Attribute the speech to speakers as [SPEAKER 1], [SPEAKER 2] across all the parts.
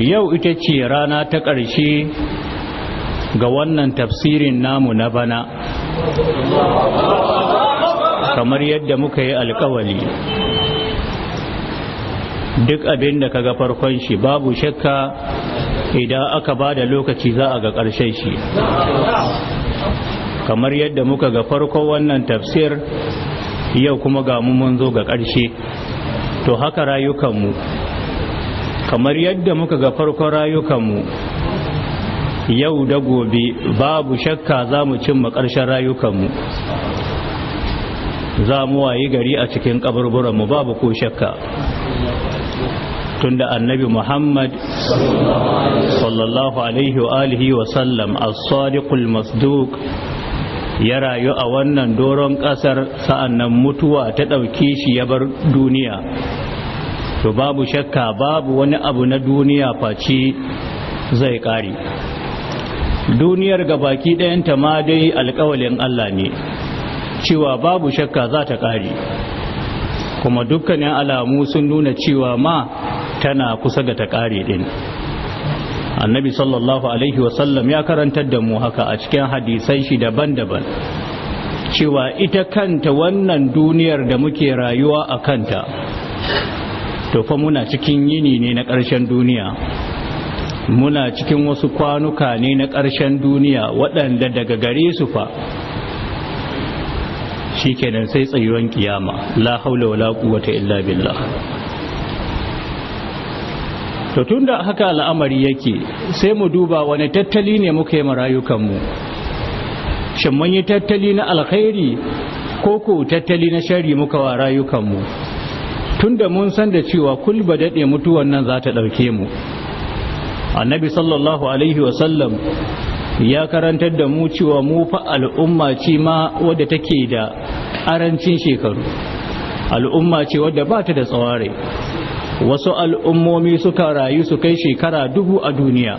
[SPEAKER 1] yau ita ce rana ta ƙarshe ga wannan tafsirin namu na bana kamar yadda muka yi alkawali duk abin da kaga farkon shi babu shakka idan aka ba da lokaci za a ga ƙarshen shi kamar yadda muka ga farkon wannan tafsir yau kuma ga mu mun zo ga ƙarshe to haka rayukanmu kamar yadda muka ga farkon rayukanmu yau da gobe babu shakka za mu cimma ƙarshen rayukanmu za mu wayi gari a cikin mu babu ko shakka tunda annabi muhammad sallallahu alaihi wa alihi wa sallam as-sadiqul masduq ya rayu a wannan doron ƙasar sa'annan mutuwa ta ɗauke shi ya bar duniya to babu shakka babu wani abu na duniya face zai ƙare duniyar gabaki ɗayanta ma dai alƙawalin Allah ne cewa babu shakka za ta ƙare kuma dukkanin alamu sun nuna cewa ma tana kusa ga ta ƙare ɗin annabi sallallahu alaihi wasallam ya karantar da mu haka a cikin hadisai shi daban-daban cewa ita kanta wannan duniyar da muke rayuwa a kanta to fa muna cikin yini ne na ƙarshen duniya muna cikin wasu kwanuka ne na ƙarshen duniya waɗanda daga gare su fa shi kenan sai tsayuwan kiyama la haula wala quwwata illa billah to tunda haka al'amari yake sai mu duba wani tattali ne muka yi rayukan mu? shin mun yi tattali na alkhairi ko ko tattali na shari muka wa rayukan mu? tunda mun san da cewa kulba ba daɗe mutuwan nan za ta ɗauke mu annabi sallallahu alaihi wasallam ya karantar da mu cewa mu fa al'umma ce ma wadda take da arancin shekaru al'umma ce wadda ba ta da tsaware wasu al'ummomi suka rayu su kai shekara dubu a duniya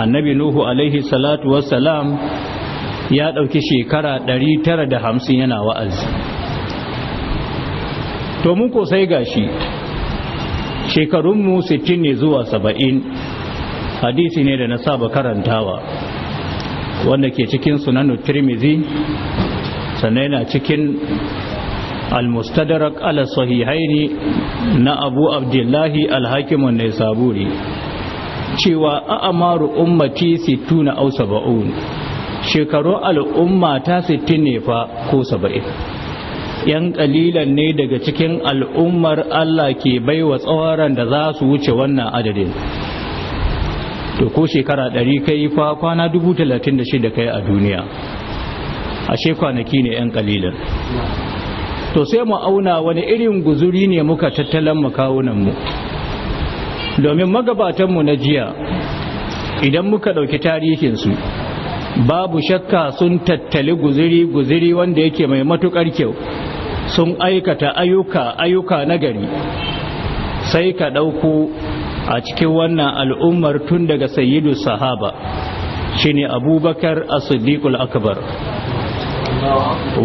[SPEAKER 1] annabi nuhu alaihi salatu wassalam ya ɗauki shekara 950 yana wa'azi to mun ko sai gashi shekarunmu 60 ne zuwa 70 hadisi ne da na saba karantawa wanda ke cikin sunanu tirmizi sannan yana cikin al-mustadrak ala sahihaini na abu abdullahi al na saburi cewa amaru ummati na au saba'un shekaru al'umma ta 60 ne fa ko saba'in. yan kalilan ne daga cikin al'ummar Allah ke baiwa tsawaran da za su wuce wannan adadin to ko shekara ɗari kai fa kwana dubu talatin da shida kai a duniya ashe kwanaki ne yan kalilan to sai mu auna wani irin guzuri ne muka tattalan makawunanmu domin magabatanmu na jiya idan muka ɗauki tarihinsu babu shakka sun tattali guziri guziri wanda yake mai matuƙar kyau sun aikata ayyuka ayyuka nagari sai ka ɗauko a cikin wannan al'ummar tun daga sayyidu sahaba shine abubakar as akbar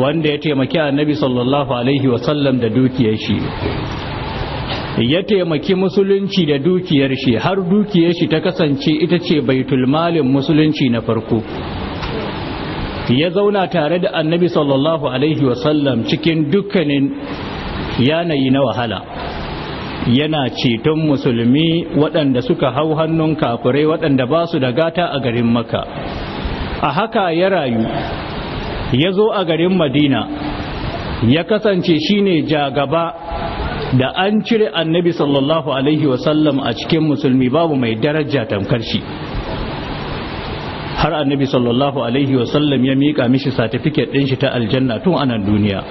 [SPEAKER 1] wanda ya taimaki annabi sallallahu alaihi wasallam da dukiyar shi ya taimaki musulunci da dukiyar shi har dukiyar shi ta kasance ita ce baitulmalin musulunci na farko ya zauna tare da annabi sallallahu alaihi wasallam cikin dukkanin yanayi na wahala yana ceton musulmi waɗanda suka hau hannun kafirai waɗanda ba su da gata a garin maka a haka ya rayu ya zo a garin madina ya kasance shine jagaba da an cire annabi sallallahu alaihi wasallam a cikin musulmi babu mai daraja tamkar shi har annabi sallallahu alaihi wasallam ya miƙa mishi satifiket ɗin shi ta aljanna tun anan duniya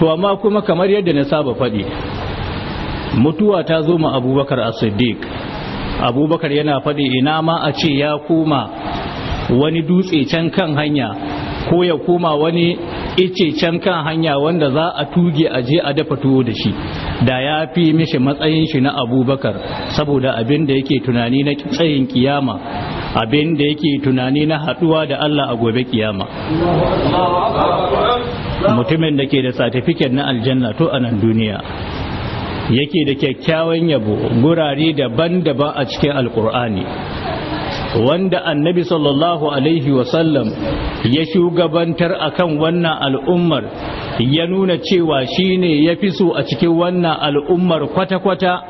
[SPEAKER 1] to amma kuma kamar yadda na saba faɗi mutuwa ta zo ma abubakar as-siddiq abubakar yana faɗi ina ma a ce ya koma wani dutse can kan hanya ko ya koma wani ice can kan hanya wanda za a tuge a je a dafa tuwo da shi da ya fi mishi matsayin shi na abubakar saboda abin da yake tunani na tsayin kiyama abin da yake tunani na haɗuwa da Allah a gobe kiyama mutumin da ke da satifiket na aljanna to a nan duniya yake da kyakkyawan yabo gurare daban-daban a cikin alkur'ani wanda annabi sallallahu alaihi wasallam ya shugabantar akan wannan al'ummar ya nuna cewa shi ne ya fi so a cikin wannan al'ummar kwata-kwata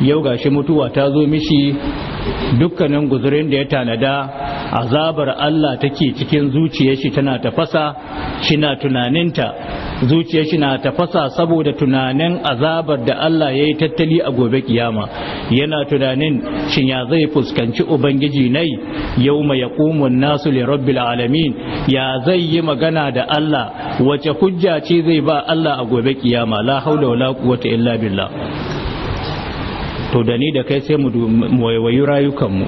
[SPEAKER 1] yau gashi mutuwa ta zo mishi dukkanin guzurin da ya tanada azabar Allah take cikin zuciyar shi tana tafasa na tunaninta zuciyar shi na tafasa saboda tunanin azabar da Allah ya yi tattali a gobe kiyama yana tunanin shin ya zai fuskanci ubangiji nai yau mai yaqumun nasu li rabbil alamin ya zai yi magana da Allah wace hujja ce zai ba Allah a gobe kiyama la haula wala quwwata illa billah to da ni da kai sai mu waiwayi rayukanmu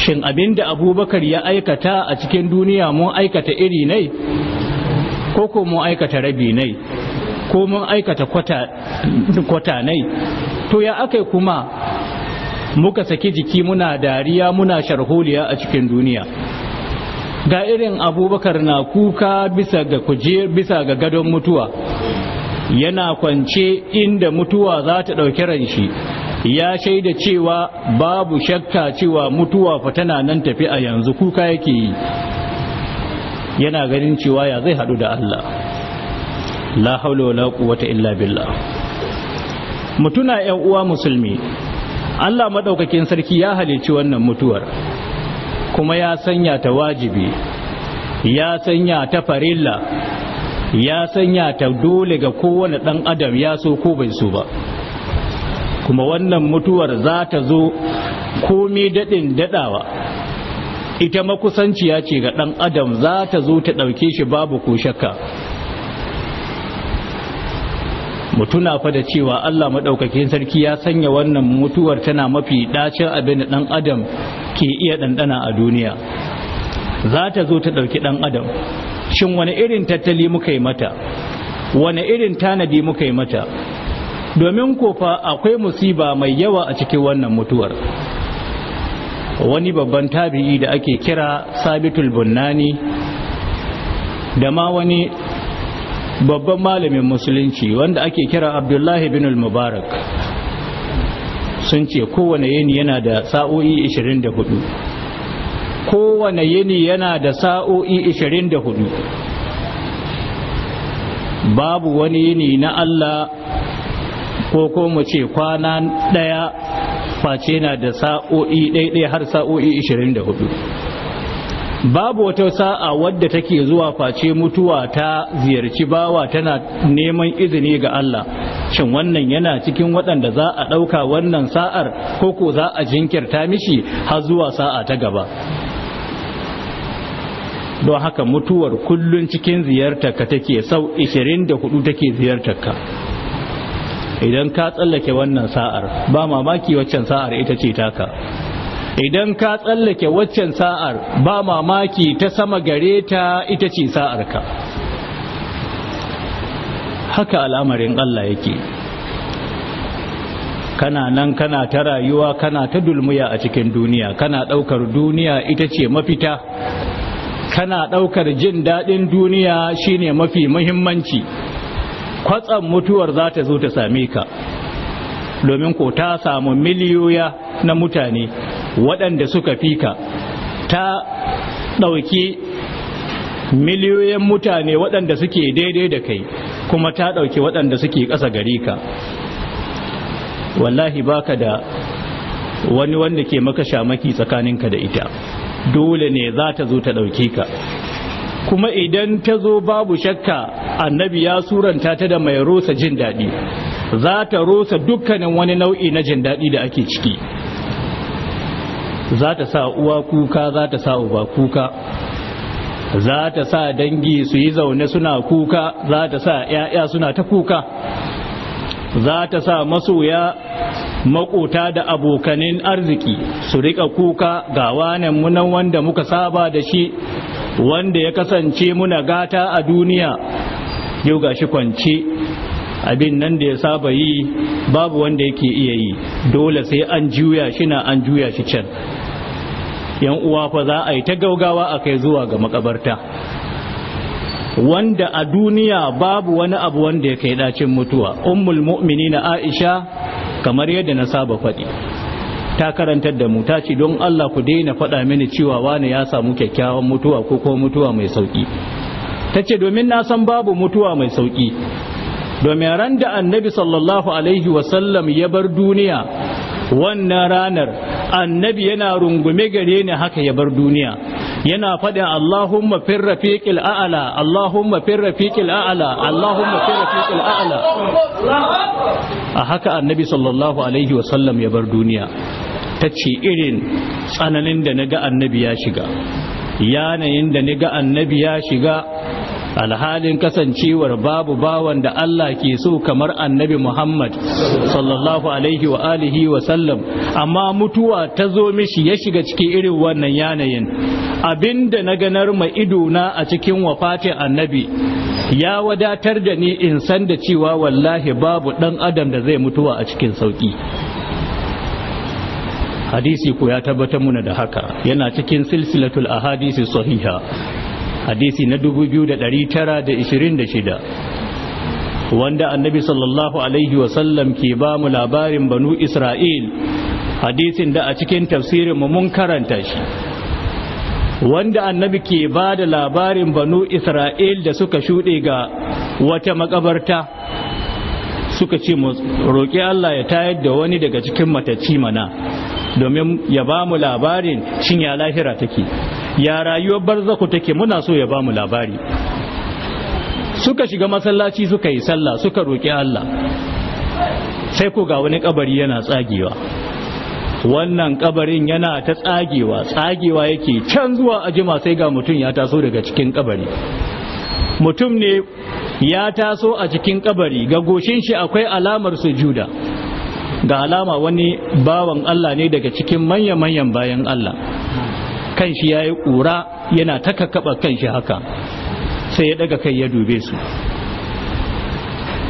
[SPEAKER 1] shin abinda abubakar ya aikata a cikin duniya mun aikata iri ne ko ko mu aikata rabi ne ko mun aikata kwata ne to ya aka kuma muka saki jiki muna dariya muna sharholiya a cikin duniya ga irin abubakar na kuka kuje bisa ga gadon mutuwa yana kwance inda mutuwa za ta ɗauki ran ya shaida cewa babu shakka cewa mutuwa fa tana nan tafi a yanzu kuka yake yi yana ganin cewa ya zai haɗu da Allah la haula wala quwwata illa billah mutuna ƴan uwa musulmi Allah madaukakin sarki ya halici wannan mutuwar kuma ya sanya ta wajibi ya sanya ta farilla ya sanya ta dole ga kowane dan adam ya so ko bai so ba kuma wannan mutuwar za ta zo komai daɗin daɗawa ita makusanciya ce ga ɗan adam za ta zo ta ɗauke shi babu ko shakka mutuna fa da cewa Allah maɗaukakin sarki ya sanya wannan mutuwar tana mafi ɗacin abin da ɗan adam ke iya ɗanɗana a duniya za ta zo ta ɗauki ɗan adam shin wani irin tattali muka yi mata wani irin tanadi muka yi mata domin kofa akwai musiba mai yawa a cikin wannan mutuwar wani babban tabi'i da ake kira sabitul bunnani da ma wani babban malamin musulunci wanda ake kira abdullahi bin mubarak sun ce kowane yini yana da sa'o'i 24 kowane yini yana da sa'o'i 24 babu wani yini na Allah ko ko mu ce kwana ɗaya face na da sa'o'i ɗaiɗai har sa'o'i 24 babu wata sa'a wadda take zuwa face mutuwa ta ziyarci bawa tana neman izini ga Allah shin wannan yana cikin waɗanda za a ɗauka wannan sa'ar ko ko za a jinkirta mishi har zuwa sa'a ta gaba don haka mutuwar kullun cikin ziyartarka take sau 24 take ziyartarka idan ka tsallake wannan sa'ar ba mamaki waccan sa'ar ita ce taka idan ka tsallake waccan sa'ar ba mamaki ta sama gare ta ita ce sa'ar ka haka al'amarin Allah yake kana nan kana ta rayuwa kana ta dulmuya a cikin duniya kana ɗaukar duniya ita ce mafita kana ɗaukar jin daɗin duniya shine mafi muhimmanci kwatsan mutuwar za ta zo ta same ka domin ko ta samu miliyoya na mutane waɗanda suka fi ka ta ɗauki miliyoyin mutane waɗanda suke daidai da kai kuma ta ɗauki waɗanda suke ƙasa gari ka wallahi baka da wani wanda ke maka shamaki tsakaninka da ita dole ne za ta zo ta ɗauke ka kuma idan ta zo babu shakka annabi ya suranta ta da mai rosa jin daɗi za ta rosa dukkanin wani nau'i na jin daɗi da ake ciki za ta sa uwa kuka za ta sa uba kuka za ta sa dangi su yi zaune suna kuka za ta sa 'ya'ya suna ta kuka za ta sa masoya makota da abokanin arziki su rika kuka ga wanan munan wanda muka saba da shi wanda ya kasance muna gata a duniya yau ga shi kwance abin nan da ya saba yi babu wanda yake iya yi dole sai an juya shi na an juya shi can yan uwa fa za a yi ta gaugawa a kai zuwa ga makabarta wanda a duniya babu wani abu wanda ya kai dacin mutuwa ummul na aisha kamar yadda na saba faɗi ta karantar da mu ta ce don Allah ku daina faɗa mini cewa wani ya samu kyakkyawan mutuwa ko ko mutuwa mai sauƙi. ta ce domin na san babu mutuwa mai sauki domin ran da annabi sallallahu alaihi wasallam ya bar duniya wannan ranar annabi yana rungume gare ni haka ya bar duniya yana faɗin Allahumma fir rafiqil a'la Allahumma fir rafiqil a'la Allahumma fir rafiqil a'la a haka annabi sallallahu alaihi wa sallam ya bar duniya tace irin tsananin da naga annabi ya shiga yanayin da naga annabi ya shiga alhalin kasancewar babu bawan da Allah ke so kamar annabi Muhammad sallallahu alaihi wa alihi wa sallam amma mutuwa ta zo mishi ya shiga ciki irin wannan yanayin abinda na ganar ma idona a cikin wafatin annabi ya wadatar da ni in san da cewa wallahi babu dan adam da zai mutuwa a cikin sauƙi. hadisi ko ya tabbatar muna da haka yana cikin silsilatul ahadisi sahiha hadisi na 2926 wanda annabi sallallahu alaihi wasallam ke ba mu labarin banu isra'il hadisin da a cikin tafsirin mu mun karanta shi wanda annabi ke ba da labarin banu isra'il da suka shuɗe ga wata makabarta suka ce mu roƙi Allah ya tayar da wani daga cikin matacci mana domin ya ba mu labarin cinya lahira take ya rayuwar barzaku take muna so ya bamu labari suka shiga masallaci suka yi sallah suka roƙi Allah sai ko ga wani kabari yana tsagewa wannan kabarin yana ta tsagewa tsagewa yake can zuwa ajima sai ga mutum ya taso daga cikin kabari mutum ne ya taso a cikin kabari ga goshin shi akwai alamar sujuda ga alama wani bawan Allah ne daga cikin manya-manyan bayan Allah kanshi shi ya yi ƙura yana ta kakkaɓa kan haka sai ya daga kai ya dube su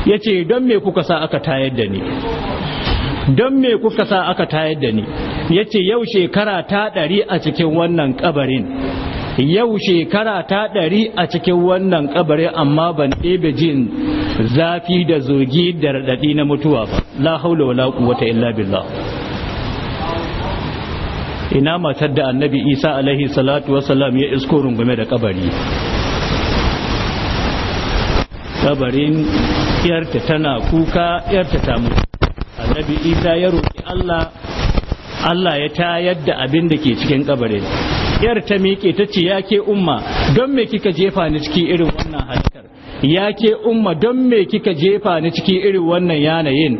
[SPEAKER 1] ya ce don me kuka sa aka tayar da ni don me kuka sa aka tayar da ni ya ce yau shekara ta ɗari a cikin wannan kabarin yau shekara ta ɗari a cikin wannan kabarin amma ban ɗebe jin zafi da zogi da raɗaɗi na mutuwa ba la haula wala quwwata illa billah ina matar da annabi isa alaihi salatu wasalam ya isko rungume da kabari kabarin yarta tana kuka yarta ta mutu annabi isa ya roƙi allah allah ya tayar da abin da ke cikin kabarin yar ta miƙe ta ce ya ke umma don me kika jefa ni ciki irin wannan halakar ya ke umma don me kika jefa ni ciki irin wannan yanayin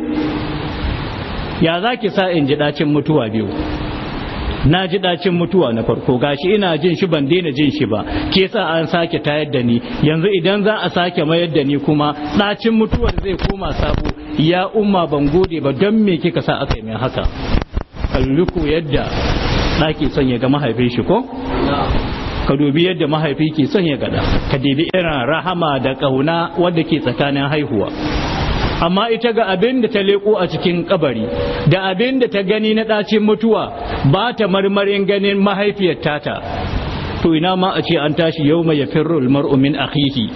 [SPEAKER 1] ya za ki sa in ji ɗacin mutuwa biyu na ji ɗacin mutuwa na farko gashi ina jin shi ban daina jin shi ba ke sa an sake tayar da ni yanzu idan za a sake mayar da ni kuma ɗacin mutuwar zai koma sabo ya umma ban gode ba don me kika sa aka yi min haka kalluku yadda ɗaki son ya ga mahaifin shi ko ka dubi yadda mahaifi ke son ya gada ka dubi irin rahama da ƙauna wadda ke tsakanin haihuwa amma ita ga abin da ta leko a cikin kabari da abin da ta gani na ɗacin mutuwa ba ta marmarin ganin mahaifiyar tata to ina ma a ce an tashi yau mai firrul mar'u min akhihi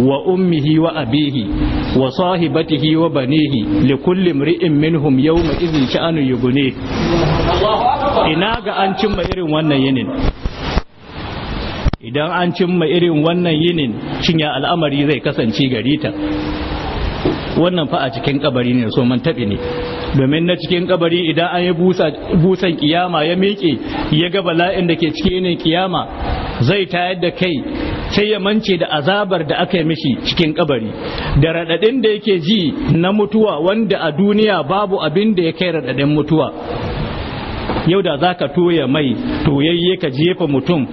[SPEAKER 1] wa ummihi wa abihi wa sahibatihi wa banihi li kulli mri'in minhum yawma idhin sha'anu ina ga an cimma irin wannan yinin idan an cimma irin wannan yinin cinya al'amari zai kasance gari ta wannan fa a cikin kabari ne so man taɓe ne domin na cikin kabari idan an yi busan kiyama ya miƙe ya ga bala'in da ke ciki ne kiyama zai tayar da kai sai ya mance da azabar da aka yi mishi cikin kabari da raɗaɗin da yake ji na mutuwa wanda a duniya babu abin da ya kai raɗaɗin mutuwa yau da za ka toya mai toyayye ka jefa mutum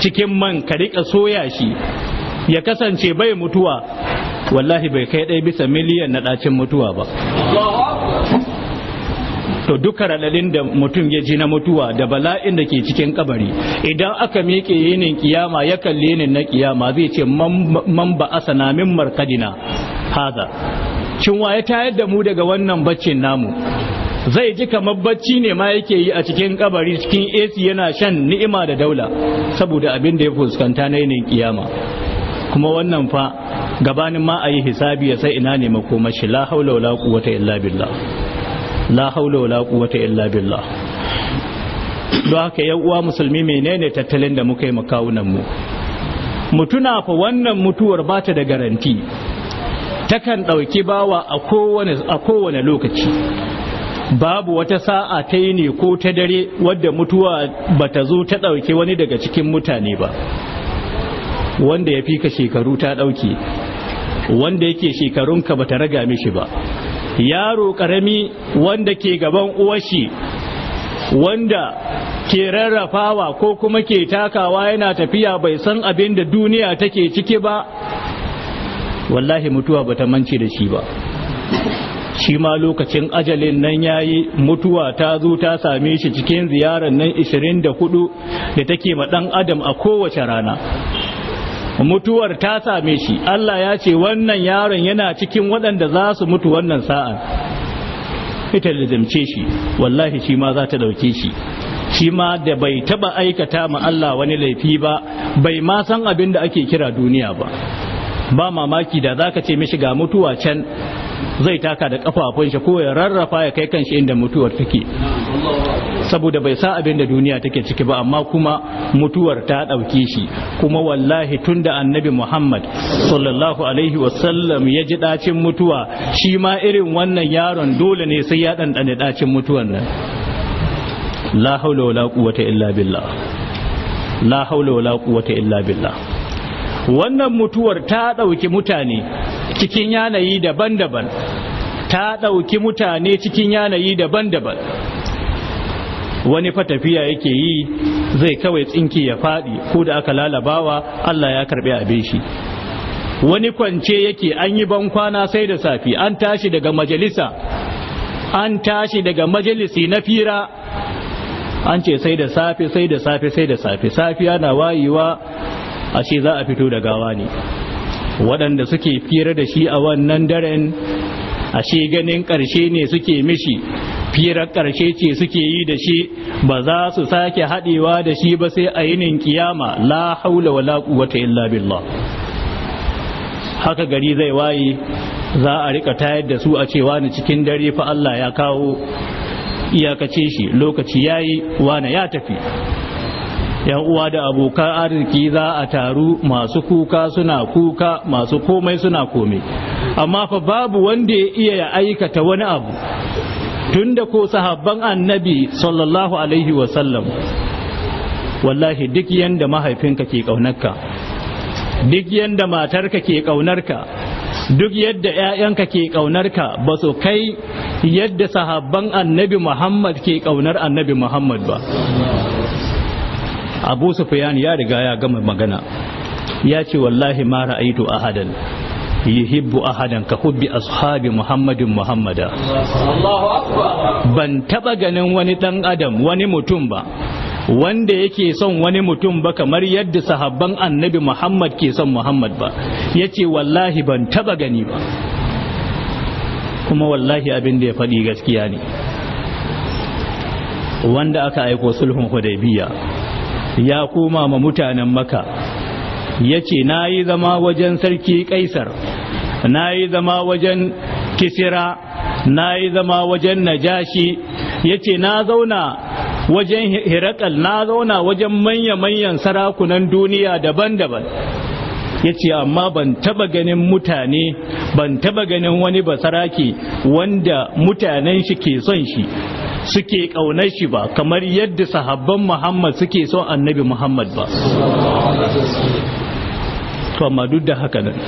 [SPEAKER 1] cikin man ka rika soya shi ya kasance bai mutuwa wallahi bai kai ɗaya bisa miliyan na ɗacin mutuwa ba to duka raɗaɗin da mutum ya ji na mutuwa da bala'in da ke cikin kabari idan aka miƙe yinin kiyama ya kalli yinin na kiyama zai ce man ba asana min markadina haza cinwa ya tayar da mu daga wannan baccin namu zai ji kamar bacci ne ma yake yi a cikin kabari cikin AC yana shan ni'ima da daula saboda abin da ya fuskanta na yinin kiyama kuma wannan fa gabanin ma a yi hisabi ya sai ina ne makomashi la haula wala quwwata illa billah la haula wala quwwata illa billah don haka yan uwa musulmi menene tattalin da muka yi makawunan mu mutuna fa wannan mutuwar ba ta da garanti ta kan ɗauki bawa a kowane lokaci babu wata sa'a ta yi ne ko ta dare wadda mutuwa ba ta zo ta ɗauki wani daga cikin mutane ba wanda ya fika shekaru ta ɗauke wanda yake shekarunka ba ta raga mishi ba yaro ƙarami wanda ke gaban uwashi wanda ke rarrafawa ko kuma ke takawa yana tafiya bai san abin da duniya take ciki ba wallahi mutuwa bata ta mance da shi ba shi ma lokacin ajalin nan ya yi mutuwa ta zo ta same shi cikin ziyarar nan 24 da take ma ɗan adam a kowace rana mutuwar ta same shi Allah ya ce wannan yaron yana cikin waɗanda za su mutu wannan sa'an. ita lizimce shi wallahi shi ma za ta ɗauke shi shi ma da bai taɓa aikata ma Allah wani laifi ba bai ma san abin da ake kira duniya ba ba mamaki da za ka ce mishi ga mutuwa can zai taka da kafafun shi ko ya rarrafa ya kai kanshi inda mutuwar take saboda bai sa abin da duniya take ciki ba amma kuma mutuwar ta ɗauke shi kuma wallahi tunda annabi muhammad sallallahu alaihi wasallam ya ji dacin mutuwa shi ma irin wannan yaron dole ne sai ya dandane dacin mutuwar nan la haula wala quwwata illa billah la haula wala quwwata illa billah wannan mutuwar ta ɗauki mutane cikin yanayi daban-daban ta ɗauki mutane cikin yanayi daban-daban wani fa yake yi zai kawai tsinki ya faɗi ko da aka lalabawa Allah ya karɓi abin shi wani kwance yake an yi bankwana sai da safi an tashi daga majalisa an tashi daga majalisi na fira an ce sai da safe sai da safe sai da safe safiya na wayewa a ce za a fito da gawa ne waɗanda suke fira da shi a wannan daren a ce ganin ƙarshe ne suke mishi firar ƙarshe ce suke yi da shi ba za su sake haɗewa da shi ba sai a yinin kiyama la haula wala quwwata illa billah haka gari zai waye za a rika tayar da su a cewa ni cikin dare fa Allah ya kawo iyakace shi lokaci yayi wana ya tafi yan uwa da abokan arziki za a taru masu kuka suna kuka masu komai suna komai amma fa babu wanda ya iya ya aikata wani abu tunda ko sahabban annabi sallallahu alaihi wasallam wallahi duk yanda mahaifinka ke ƙaunarka duk yanda matarka ke ƙaunarka duk yadda 'ya'yanka ke ƙaunarka ba su kai yadda sahabban annabi muhammad ke ƙaunar annabi muhammad ba abu sufyan ya riga ya gama magana ya ce wallahi ma ra'aitu ahadan yuhibbu ahadan ka hubbi ashabi muhammadin muhammada ban taba ganin wani dan adam wani mutum ba wanda yake son wani mutum ba kamar yadda sahabban annabi muhammad ke son muhammad ba yace wallahi ban taba gani ba kuma wallahi abin da ya faɗi gaskiya ne wanda aka aiko sulhun hudaybiya ya koma ma mutanen maka ya ce na yi zama wajen sarki kaisar na yi zama wajen kisira na yi zama wajen najashi ya ce na zauna wajen hirakal na zauna wajen manya-manyan sarakunan duniya daban-daban ya ce amma ban taba ganin mutane ban taba ganin wani ba saraki wanda mutanen shi ke son shi suke ƙaunar shi ba kamar yadda sahabban muhammad suke son annabi muhammad ba to amma duk da haka nan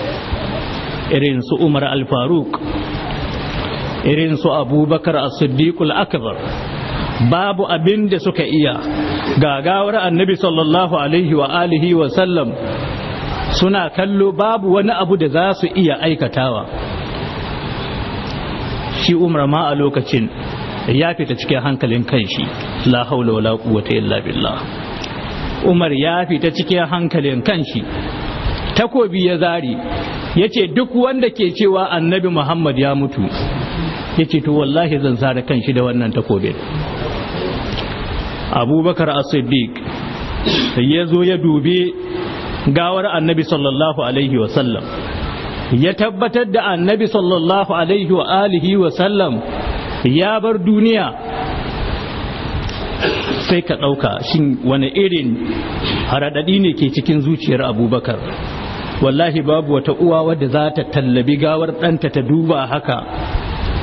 [SPEAKER 1] irin su umar al-faruk irin su abubakar as-siddiqul akbar babu abin da suka iya gagawar annabi sallallahu alaihi wa alihi wa sallam suna kallo babu wani abu da za su iya aikatawa shi umar ma a lokacin ya fita cikin hankalin kanshi la haula wala quwwata illa billah Umar ya fita cikin hankalin kanshi takobi ya zari yace duk wanda ke cewa annabi Muhammad ya mutu yace to wallahi zan sare kanshi da wannan takobin Abubakar As-Siddiq ya zo ya dube gawar annabi sallallahu alaihi wa sallam. ya tabbatar da annabi sallallahu alaihi wa alihi wa sallam ya bar duniya sai ka ɗauka shin wani irin haraɗaɗi ne ke cikin zuciyar abubakar wallahi babu wata uwa wadda za ta tallabi gawar ɗanta ta duba haka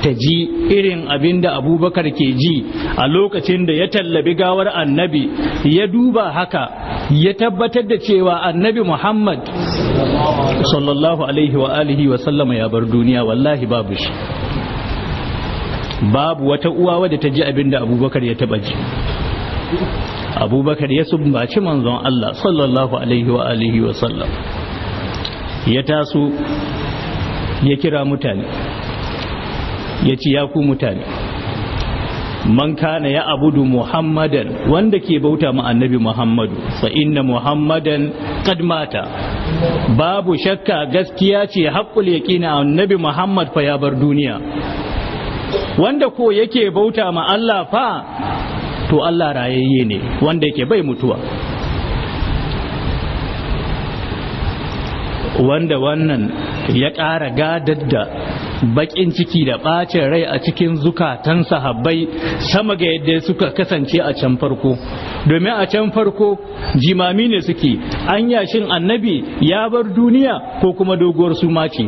[SPEAKER 1] ta ji irin abin da abubakar ke ji a lokacin da ya tallabi gawar annabi ya duba haka ya tabbatar da cewa annabi muhammad sallallahu alaihi wa alihi wa sallama ya bar duniya wallahi babu shi babu wata uwa wadda ta ji abin da abubakar ya taba ji abubakar ya sumbaci manzon Allah sallallahu alaihi wa alihi wa sallam ya taso ya kira mutane ya ci ya ku mutane man kana ya abudu muhammadan wanda ke bauta ma annabi muhammadu fa inna muhammadan kad mata babu shakka gaskiya ce haƙƙul yaqina annabi muhammad fa ya bar duniya wanda ko yake bauta ma Allah fa to Allah rayayye ne wanda yake bai mutuwa wanda wannan ya ƙara gadar da baƙin ciki da ɓacin rai a cikin zukatan sahabbai sama ga yadda suka kasance a can farko domin a can farko jimami ne suke an yashin annabi ya bar duniya ko kuma doguwar ma ce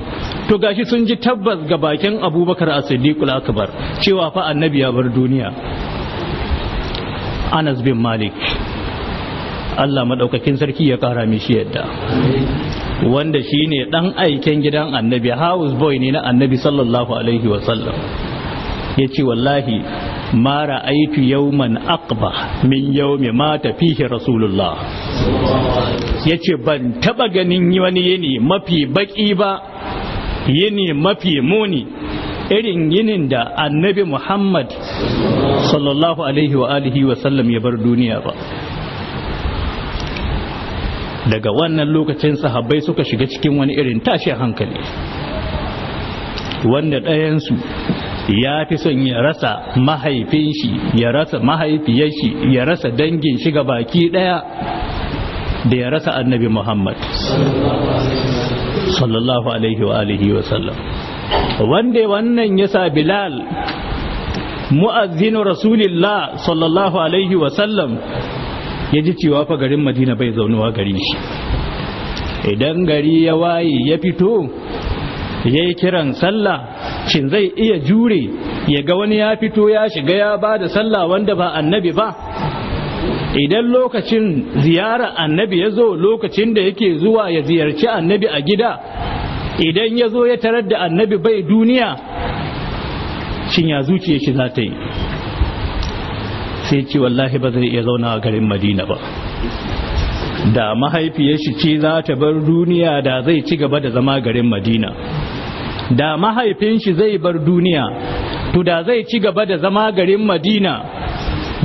[SPEAKER 1] to gashi sun ji tabbas ga bakin abubakar a siddiqul akbar cewa fa annabi ya bar duniya anas bin malik allah maɗaukakin sarki ya ƙara mishi yadda wanda shi ne ɗan aiken gidan annabi house boy ne na annabi sallallahu alaihi wasallam ya ce wallahi ma ra'aitu yawman aqba min yawmi mata fihi rasulullah ce ban taɓa ganin wani yini mafi baƙi ba yini mafi muni irin yinin da annabi muhammad sallallahu alaihi wa alihi wa ya bar duniya ba daga wannan lokacin sahabbai suka shiga cikin wani irin tashin hankali wanda ɗayansu ya fi son ya rasa mahaifin shi ya rasa mahaifiyar shi ya rasa dangin shiga baki ɗaya da ya rasa annabi muhammad sallallahu alaihi wa alihi wa sallam wanda wannan yasa bilal mu'azzinu rasulillah sallallahu alaihi wa sallam ya ji cewa fa garin madina bai zaunuwa gari shi idan gari ya waye ya fito ya yi kiran sallah shin zai iya jure ya ga wani ya fito ya shiga ya bada da sallah wanda ba annabi ba idan lokacin ziyara annabi ya zo lokacin da yake zuwa ya ziyarci annabi a gida idan ya zo ya tarar da annabi bai duniya shin ya zuciya shi za ta yi sai ce wallahi ba zai iya zauna a garin madina ba da mahaifiyar shi ce za ta bar duniya da zai ci gaba da zama garin madina da mahaifin zai bar duniya to da zai ci gaba da zama garin madina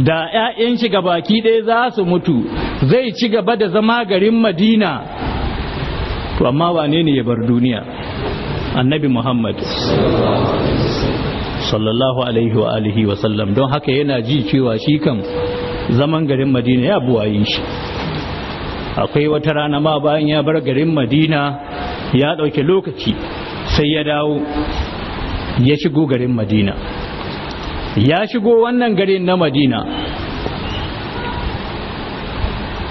[SPEAKER 1] da 'ya'yan shi baki ɗaya za su mutu zai ci gaba da zama garin madina to amma wane ne ya bar duniya annabi muhammad sallallahu alaihi wa alihi wa sallam don haka yana ji cewa shi kan zaman garin madina ya buwayin shi akwai wata rana ma bayan ya bar garin madina ya ɗauki lokaci sai ya dawo ya shigo garin madina ya shigo wannan garin na madina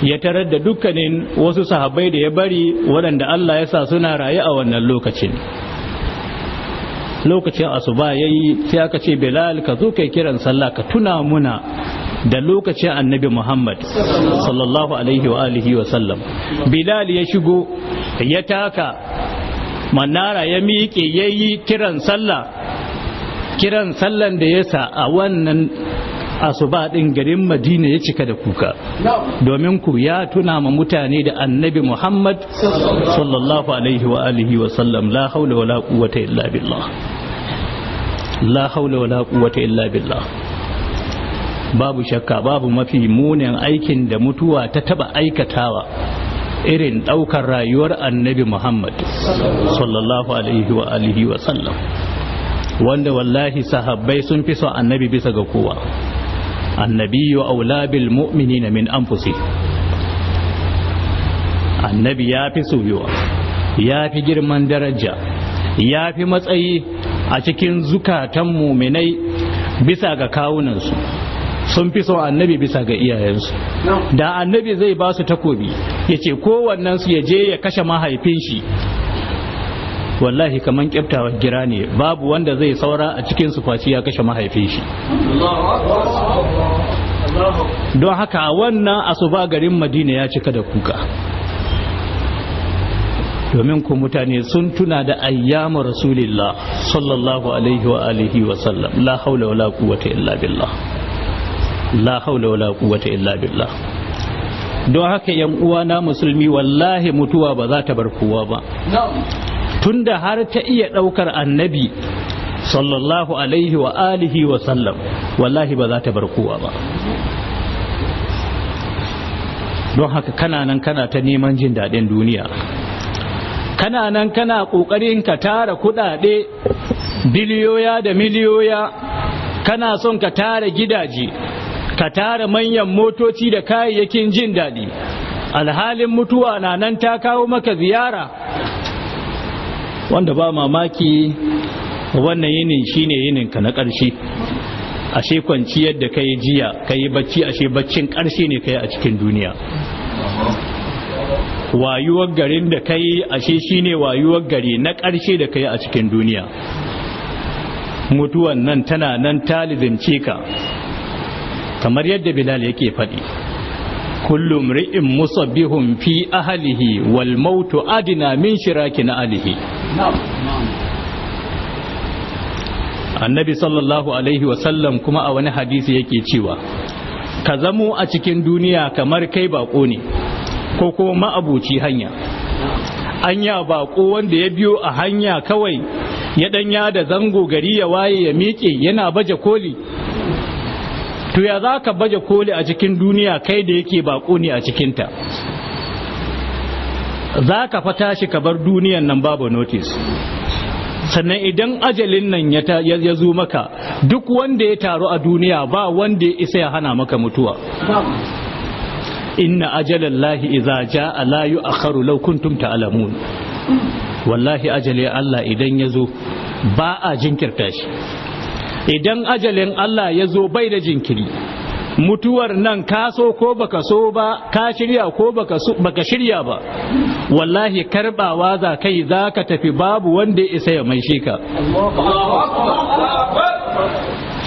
[SPEAKER 1] ya tarar da dukkanin wasu sahabbai da ya bari waɗanda Allah ya sa suna raye a wannan lokacin lokacin asuba ya yi sai aka ce Bilal ka zo kai kiran sallah ka tuna muna da lokacin annabi Muhammad sallallahu alaihi wa alihi wa sallam Bilal ya shigo ya taka manara ya miƙe ya yi kiran sallah kiran sallan da yasa a wannan asuba din garin madina ya cika da kuka domin ku ya tuna ma mutane da annabi muhammad sallallahu alaihi wa alihi wa sallam la haula wala quwwata illa billah la haula wala quwwata illa billah babu shakka babu mafi munin aikin da mutuwa ta taba aikatawa irin ɗaukar rayuwar annabi muhammad sallallahu alaihi wa alihi wa sallam wanda wallahi sahabbai sun fi son annabi bisa ga kowa annabiyu aula bil mu'minina min anfusih annabi ya fi soyuwa ya fi girman daraja ya fi matsayi a cikin zukatan muminai bisa ga kawunansu sun fi son annabi bisa ga iyayensu da annabi zai ba su takobi yace ce kowannensu ya je ya kashe mahaifin shi wallahi kaman kyaftawa gira ne babu wanda zai saura a cikin su faci ya kashe mahaifin shi don haka wannan asuba garin madina ya cika da kuka domin ku mutane sun tuna da ayyamu rasulillah sallallahu alaihi wa alihi wa sallam la haula wala quwwata illa billah la haula wala quwwata illa billah don haka yan uwana musulmi wallahi mutuwa ba za ta bar kowa ba tunda har ta iya ɗaukar annabi sallallahu alaihi wa alihi wa sallam wallahi ba za ta bar kowa ba don haka kana nan kana ta neman jin daɗin duniya kana nan kana ƙoƙarin ka tara kuɗaɗe biliyoya da miliyoya kana son ka tara gidaje ka tara manyan motoci da kayayyakin jin daɗi alhalin mutuwa na nan ta kawo maka ziyara wanda ba mamaki wannan yinin shine yinin ka na ƙarshe ashe kwanciyar da yi jiya ka yi bacci ashe baccin ƙarshe ne ka yi a cikin duniya wayuwar garin da kai ashe shine wayuwar gari na ƙarshe da ka yi a cikin duniya mutuwan nan tana nan talizin ka kamar yadda bilal yake faɗi kullu mri'in musabbihun fi ahlihi wal mautu adina min shiraki na alihi annabi sallallahu alaihi wa sallam kuma a wani hadisi yake cewa ka zamo a cikin duniya kamar kai bako ne ko kuma ma'abuci hanya anya bako wanda ya biyo a hanya kawai ya danya da zango gari ya waye ya miƙe yana baje koli to ya za ka baje koli a cikin duniya kai da yake bako ne a cikinta za ka fata shi ka bar duniyan nan babu notice sannan idan ajalin nan ya zo maka duk wanda ya taru a duniya ba wanda ya isa ya hana maka mutuwa inna ajalallahi idza jaa la yu'akharu law kuntum ta'lamun wallahi ajali Allah idan ya zo ba a jinkirta shi idan ajalin Allah ya zo bai da jinkiri mutuwar nan ka so ko baka so ba ka shirya ko baka baka shirya ba wallahi karbawa za kai za ka tafi babu wanda ya isa ya maishe ka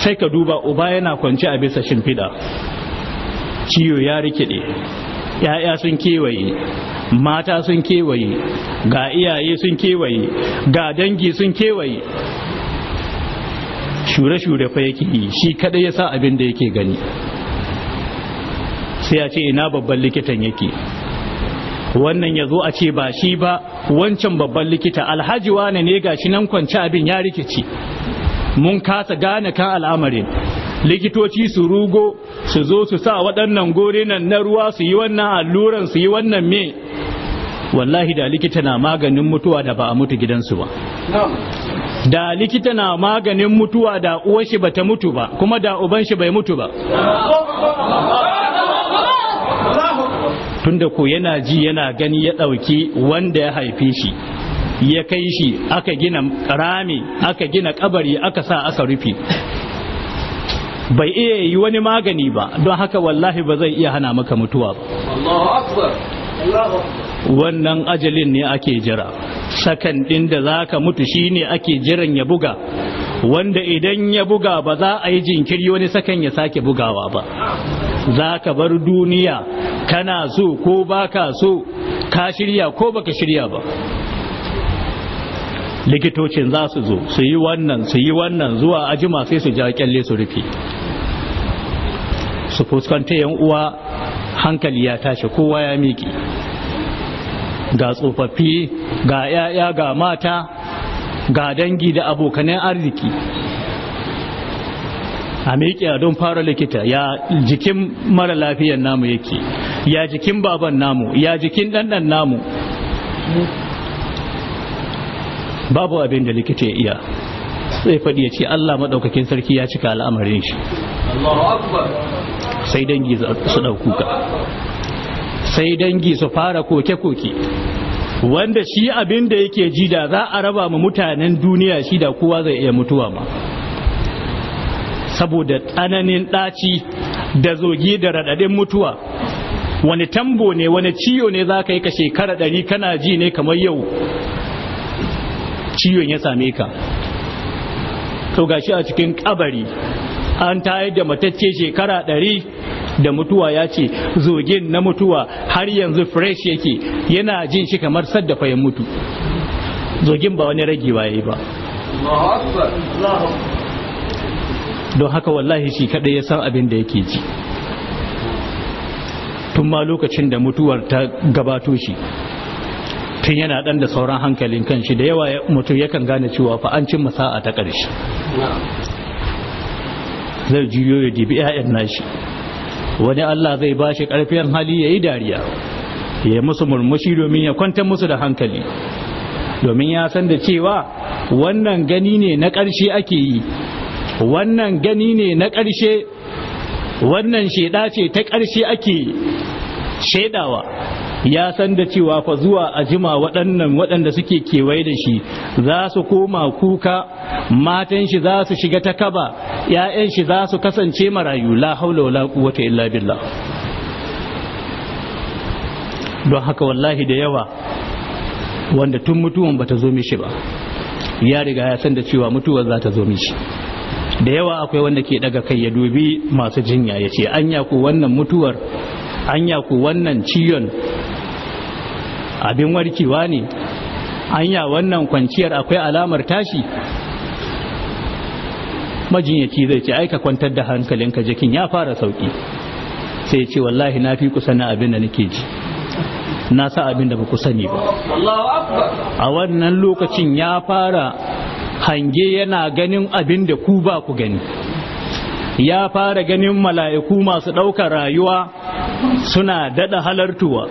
[SPEAKER 1] sai ka duba uba yana kwance a bisa shimfiɗa ciyo ya rikide ‘ya'ya sun kewaye mata sun kewaye ga iyaye sun kewaye ga dangi sun kewaye shure-shure fa yake yi shi kadai ya sa abin da yake gani sai a ce ina babban likitan yake wannan ya zo a ce ba shi ba wancan babban likita alhaji wane ne gashi nan kwanci abin ya rikici mun kasa gane kan al'amarin likitoci su rugo su zo su sa waɗannan nan na ruwa su yi wannan alluran su yi wannan me wallahi da likita na maganin mutuwa da ba a mutu gidansu ba da likita na maganin mutuwa da uwanshi shi bata mutu ba kuma da ubanshi shi bai mutu ba tunda ko yana ji yana gani ya ɗauki wanda ya haife shi ya kai shi aka gina rami aka gina kabari aka sa aka rufe bai iya yi wani magani ba don haka wallahi ba zai iya hana maka mutuwa ba wannan ajalin ne ake jira sakan ɗin da za ka mutu shi ne ake jiran ya buga wanda idan ya buga ba za a yi jinkiri wani sakan ya sake bugawa ba za ka bar duniya kana so ko ba ka so ka shirya ko baka shirya ba likitocin za su zo su yi wannan su yi wannan zuwa ajima sai su ja kyalle su rufe su fuskanta yan uwa hankali ya tashi kowa ya miki ga tsofaffi ga 'ya'ya ga mata ga dangi da abokanen arziki a miƙe don fara likita ya jikin mara lafiyan namu yake ya jikin baban namu ya jikin ɗanɗan namu babu abin da likita ya iya sai faɗi ya ce Allah maɗaukakin sarki ya cika al'amarin shi sai dangi su ɗaukuka sai dangi su fara koke-koke wanda shi abin da yake ji da za a raba ma mutanen duniya shi da kowa zai iya mutuwa ma saboda tsananin ɗaci da zogi da raɗaɗin mutuwa wani tambo ne wani ciyo ne za ka yi ka shekara ɗari kana ji ne kamar yau ciyon ya same ka to gashi a cikin kabari an tayar da matacce shekara ɗari da mutuwa ya ce zogin na mutuwa har yanzu fresh yake yana jin shi kamar sadda fayin mutu zogin ba wani rage ya yi ba don haka wallahi shi kaɗai ya san abin da yake ji tun ma lokacin da mutuwar ta gabato shi tun yana ɗan da sauran hankalin kan shi da yawa mutum yakan gane cewa fa an cin sa'a ta ƙarshe zai juyo ya dibi 'ya'yan nashi wani Allah zai ba shi ƙarfin hali ya yi dariya ya musu murmushi domin ya kwantar musu da hankali domin ya san da cewa wannan gani ne na ƙarshe ake yi wannan gani ne na ƙarshe wannan sheda ce ta ƙarshe ake shaidawa ya san da cewa fa zuwa a jima waɗannan waɗanda suke kewaye da shi za su koma kuka matan shi za su shiga ta kaba ‘ya'yan shi za su kasance marayu la haula wala quwwata illa billah don haka wallahi da yawa wanda tun mutuwan bata zo mishi ba ya riga ya san da cewa mutuwar za ta zo mishi da yawa akwai wanda ke daga kai ya dubi masu jinya ya ce anya ku wannan mutuwar anya ku wannan ciyon abin warkewa ne anya wannan kwanciyar akwai alamar tashi majinyaci zai ce aika kwantar da hankalinka jikin ya fara sauki sai ya ce wallahi na fi kusa na abin da nake ji na sa abin da ba ku sani ba a wannan lokacin ya fara hange yana ganin abin da ku ba ku gani ya fara ganin mala'iku masu ɗaukar rayuwa suna daɗa halartuwa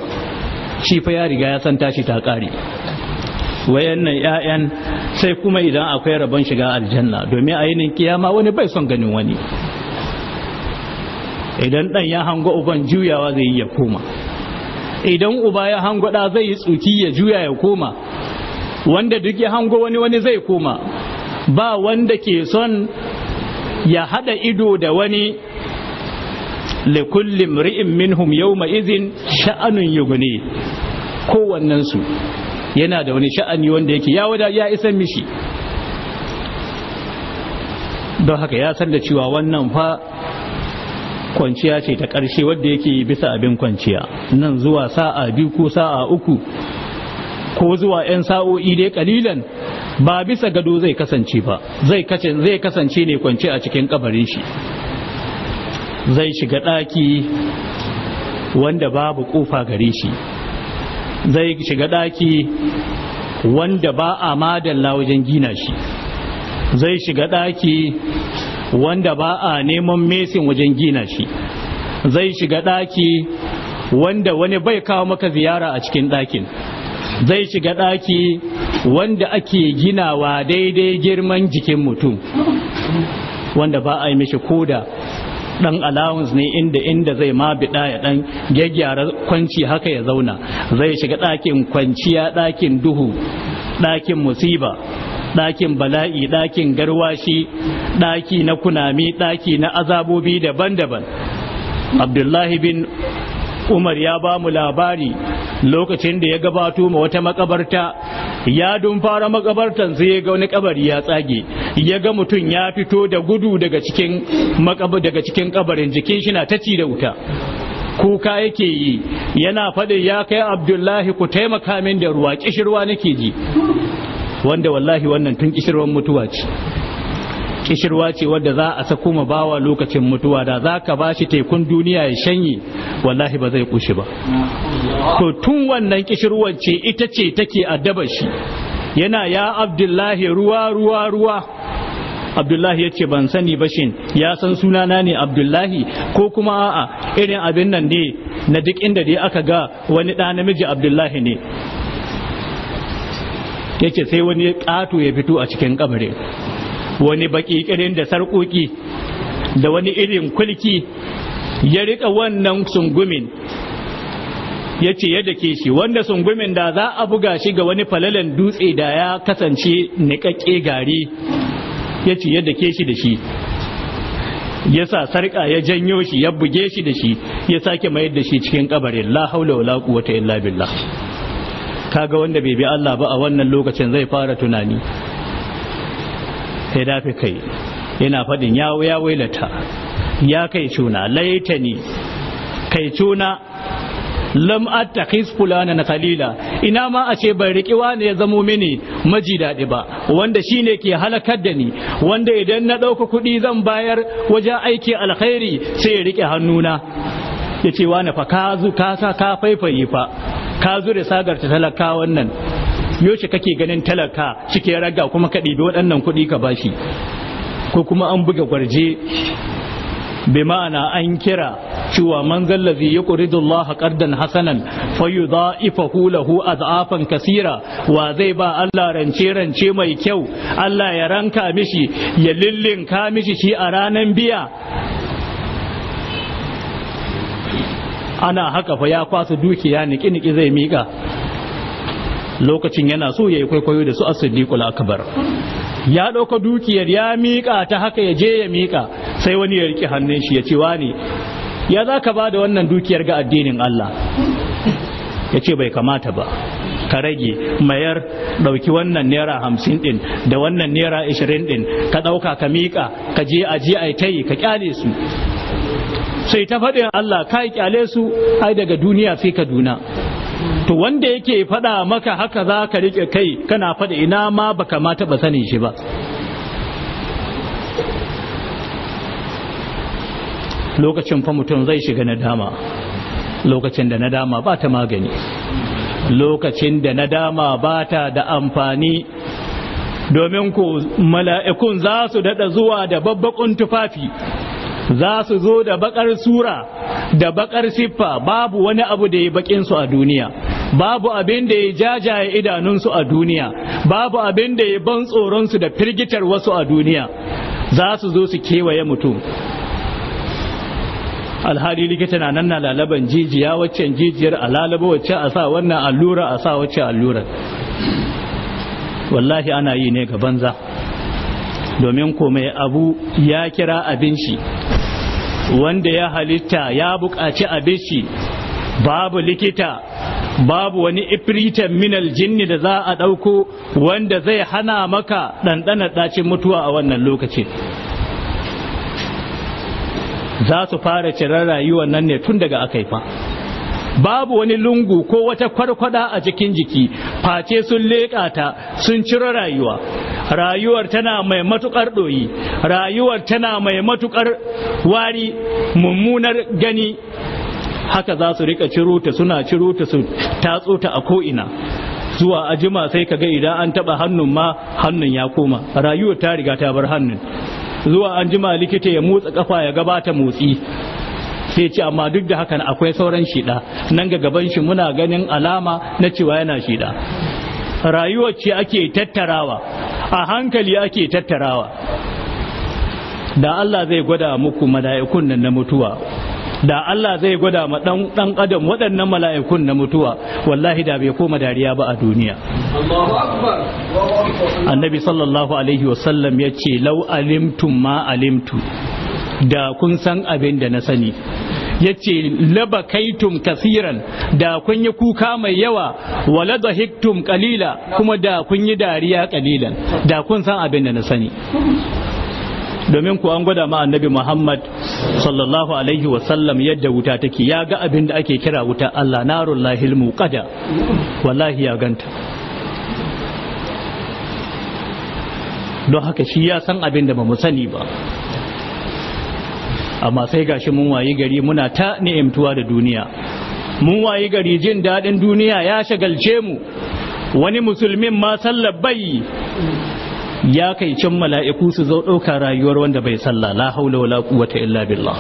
[SPEAKER 1] shi fa ya riga ya san tashi ta kare. wayannan ƴaƴan sai kuma idan akwai rabon shiga aljanna domin a yinin kiyama wani bai son ganin wani idan ɗan ya hango uban juyawa zai yi ya koma idan uba ya hango ɗa zai yi tsuki ya juya ya koma wanda duk ya hango wani wani zai koma ba wanda ke son ya haɗa ido da wani likulli imri'in minhum yawma izin sha'anun yughni kowannen su yana da wani sha'ani wanda yake ya wada ya isan mishi don haka ya san da cewa wannan fa kwanciya ce ta ƙarshe wadda yake bisa abin kwanciya nan zuwa sa'a biyu ko sa'a uku ko zuwa 'yan sa'o'i dai kalilan ba bisa gado zai kasance ba zai kasance ne kwanciya a cikin kabarin shi zai shiga ɗaki wanda babu ƙofa gare shi zai shiga ɗaki wanda ba a madalla wajen gina shi zai shiga ɗaki wanda ba a neman mesin wajen gina shi zai shiga ɗaki wanda wani bai kawo maka ziyara a cikin ɗakin zai shiga ɗaki wanda ake ginawa daidai girman jikin mutum wanda ba a yi mishi koda dan allowance ne inda inda zai ma biɗa ya dan gyaggyara kwanci haka ya zauna zai shiga ɗakin kwanciya ɗakin duhu ɗakin musiba ɗakin bala'i ɗakin garwashi ɗaki na kunami ɗaki na azabobi daban-daban abdullahi bin umar ya ba mu labari lokacin da ya gabato ma wata makabarta ya dumfara makabartan sai ya ga wani kabari ya tsage ya ga mutum ya fito da gudu daga cikin makabar daga cikin kabarin jikin shi na ta ci da wuta kuka yake yi yana faɗin ya kai abdullahi ku taimaka min da ruwa kishirwa nake ji wanda wallahi wannan tun kishirwan mutuwa ce kishirwa ce wadda za a sako ma bawa lokacin mutuwa da za ka ba shi tekun duniya ya shanye wallahi ba zai kushi ba to tun wannan kishirwar ce ita ce take addaba shi yana ya abdullahi ruwa ruwa ruwa abdullahi ya ce ban sani ba shin ya san sunana ne abdullahi ko kuma a'a irin abin nan ne na duk inda dai aka ga wani ɗa namiji abdullahi ne yake sai wani ƙato ya fito a cikin kabarin wani baki da sarƙoƙi da wani irin kulki ya riƙa wannan sungumin ya ce yadda ke shi wanda sungumin da za a buga shi ga wani falalan dutse da ya kasance niƙaƙƙe gari ya ce yadda ke shi da shi ya sa sarƙa ya janyo shi ya buge shi da shi ya sake mayar da shi cikin kabarin la haula wala quwwata illa billah kaga wanda bai bi Allah ba a wannan lokacin zai fara tunani ya dafi kai yana faɗin ya wailata ya kai cuna laitani kai cuna lam attakhiz na khalila ina ma a ce ban riki wani ya zamo mini maji daɗi ba wanda shine ke halakar da ni wanda idan na ɗauka kuɗi zan bayar wajen aiki alkhairi sai ya rike hannuna ya ce wani fa ka zu ka sa ka faifaye fa ka zu da sagar ta talakawan nan yaushe kake ganin talaka cike raga kuma ka ɗibi waɗannan kuɗi ka bashi ko kuma an buga gwarje bi ma'ana an kira cewa man zallazi ya ƙuridu Allah ƙardan hasanan fayu za ifa hulahu az'afan kasira wa zai ba Allah rance rance mai kyau Allah ya ranka mishi ya lillinka mishi shi a ranan biya ana haka fa ya kwasa dukiya niki niki zai miƙa lokacin yana so ya yi kwaikwayo da su as akbar ya ɗauka dukiyar ya miƙa ta haka ya je ya miƙa sai wani ya riƙe hannun shi ya ce wani ya za ka ba da wannan dukiyar ga addinin Allah ya ce bai kamata ba ka rage mayar ɗauki wannan naira hamsin ɗin da wannan naira ishirin ɗin ka ɗauka ka miƙa ka je a je a ta ka kyale su sai ta faɗin Allah ka yi ƙyale su ai daga duniya sai ka duna to wanda yake faɗa maka haka za ka riƙe kai kana faɗa ina ma baka ma taɓa sanin shi ba lokacin fa mutum zai shiga nadama lokacin da nadama ba ta magani lokacin da nadama ba ta da amfani domin ku mala'ikun za su daɗa zuwa da babbaƙun tufafi za su zo da bakar sura da bakar siffa babu wani abu da ya bakin su a duniya babu abin da ya jajaye idanunsu a duniya babu abin da ya ban tsoronsu da firgitar wasu a duniya za su zo su kewaye mutum alhali likita na nan na lalaban jijiya waccan jijiyar a lalaba wacce a sa wannan allura a sa wacce allura wallahi ana yi ne ga banza domin komai abu ya kira abin shi wanda ya halitta ya buƙaci abinci babu likita babu wani ifritan minal jinni da za a ɗauko wanda zai hana maka ɗanɗanar ɗacin mutuwa a wannan lokacin za su fara cirar rayuwar nan ne tun daga aka fa babu wani lungu ko wata kwarkwada a cikin jiki face sun leƙa ta sun ciro rayuwa rayuwar tana mai matukar ɗoyi rayuwar tana mai matuƙar wari mummunar gani haka za su rika ciro ta suna ciro ta su tatso ta a ko'ina zuwa ajima sai kaga idan an taba hannun ma hannun ya koma rayuwar ta riga ta bar hannun zuwa an jima likita ya motsa kafa ya gabata motsi sai ce amma duk da hakan akwai sauran shida nan ga gaban shi muna ganin alama na cewa yana shida rayuwar ce ake tattarawa a hankali ake tattarawa da Allah zai gwada muku mala'ikun nan na mutuwa da Allah zai gwada ma dan dan adam waɗannan mala'ikun na mutuwa wallahi da bai koma dariya ba a duniya annabi sallallahu alaihi wasallam ya ce lau alimtum ma alimtu da kun san abin da na sani yace labakaitum kasiran da kun yi kuka mai yawa wala hiktum qalila kuma da kun yi dariya kalilan da kun san abin da na sani domin ku an gwada ma annabi Muhammad sallallahu alaihi wasallam yadda wuta take ya ga abin da ake kira wuta Allah narul lahil muqada wallahi ya ganta don haka shi ya san abin da ba mu sani ba amma sai gashi mun wayi gari muna ta ni'imtuwa da duniya mun wayi gari jin daɗin duniya ya shagalce mu wani musulmin ma sallar bai ya kai can mala'iku su zo ɗauka rayuwar wanda bai sallah la haula wala quwwata illa billah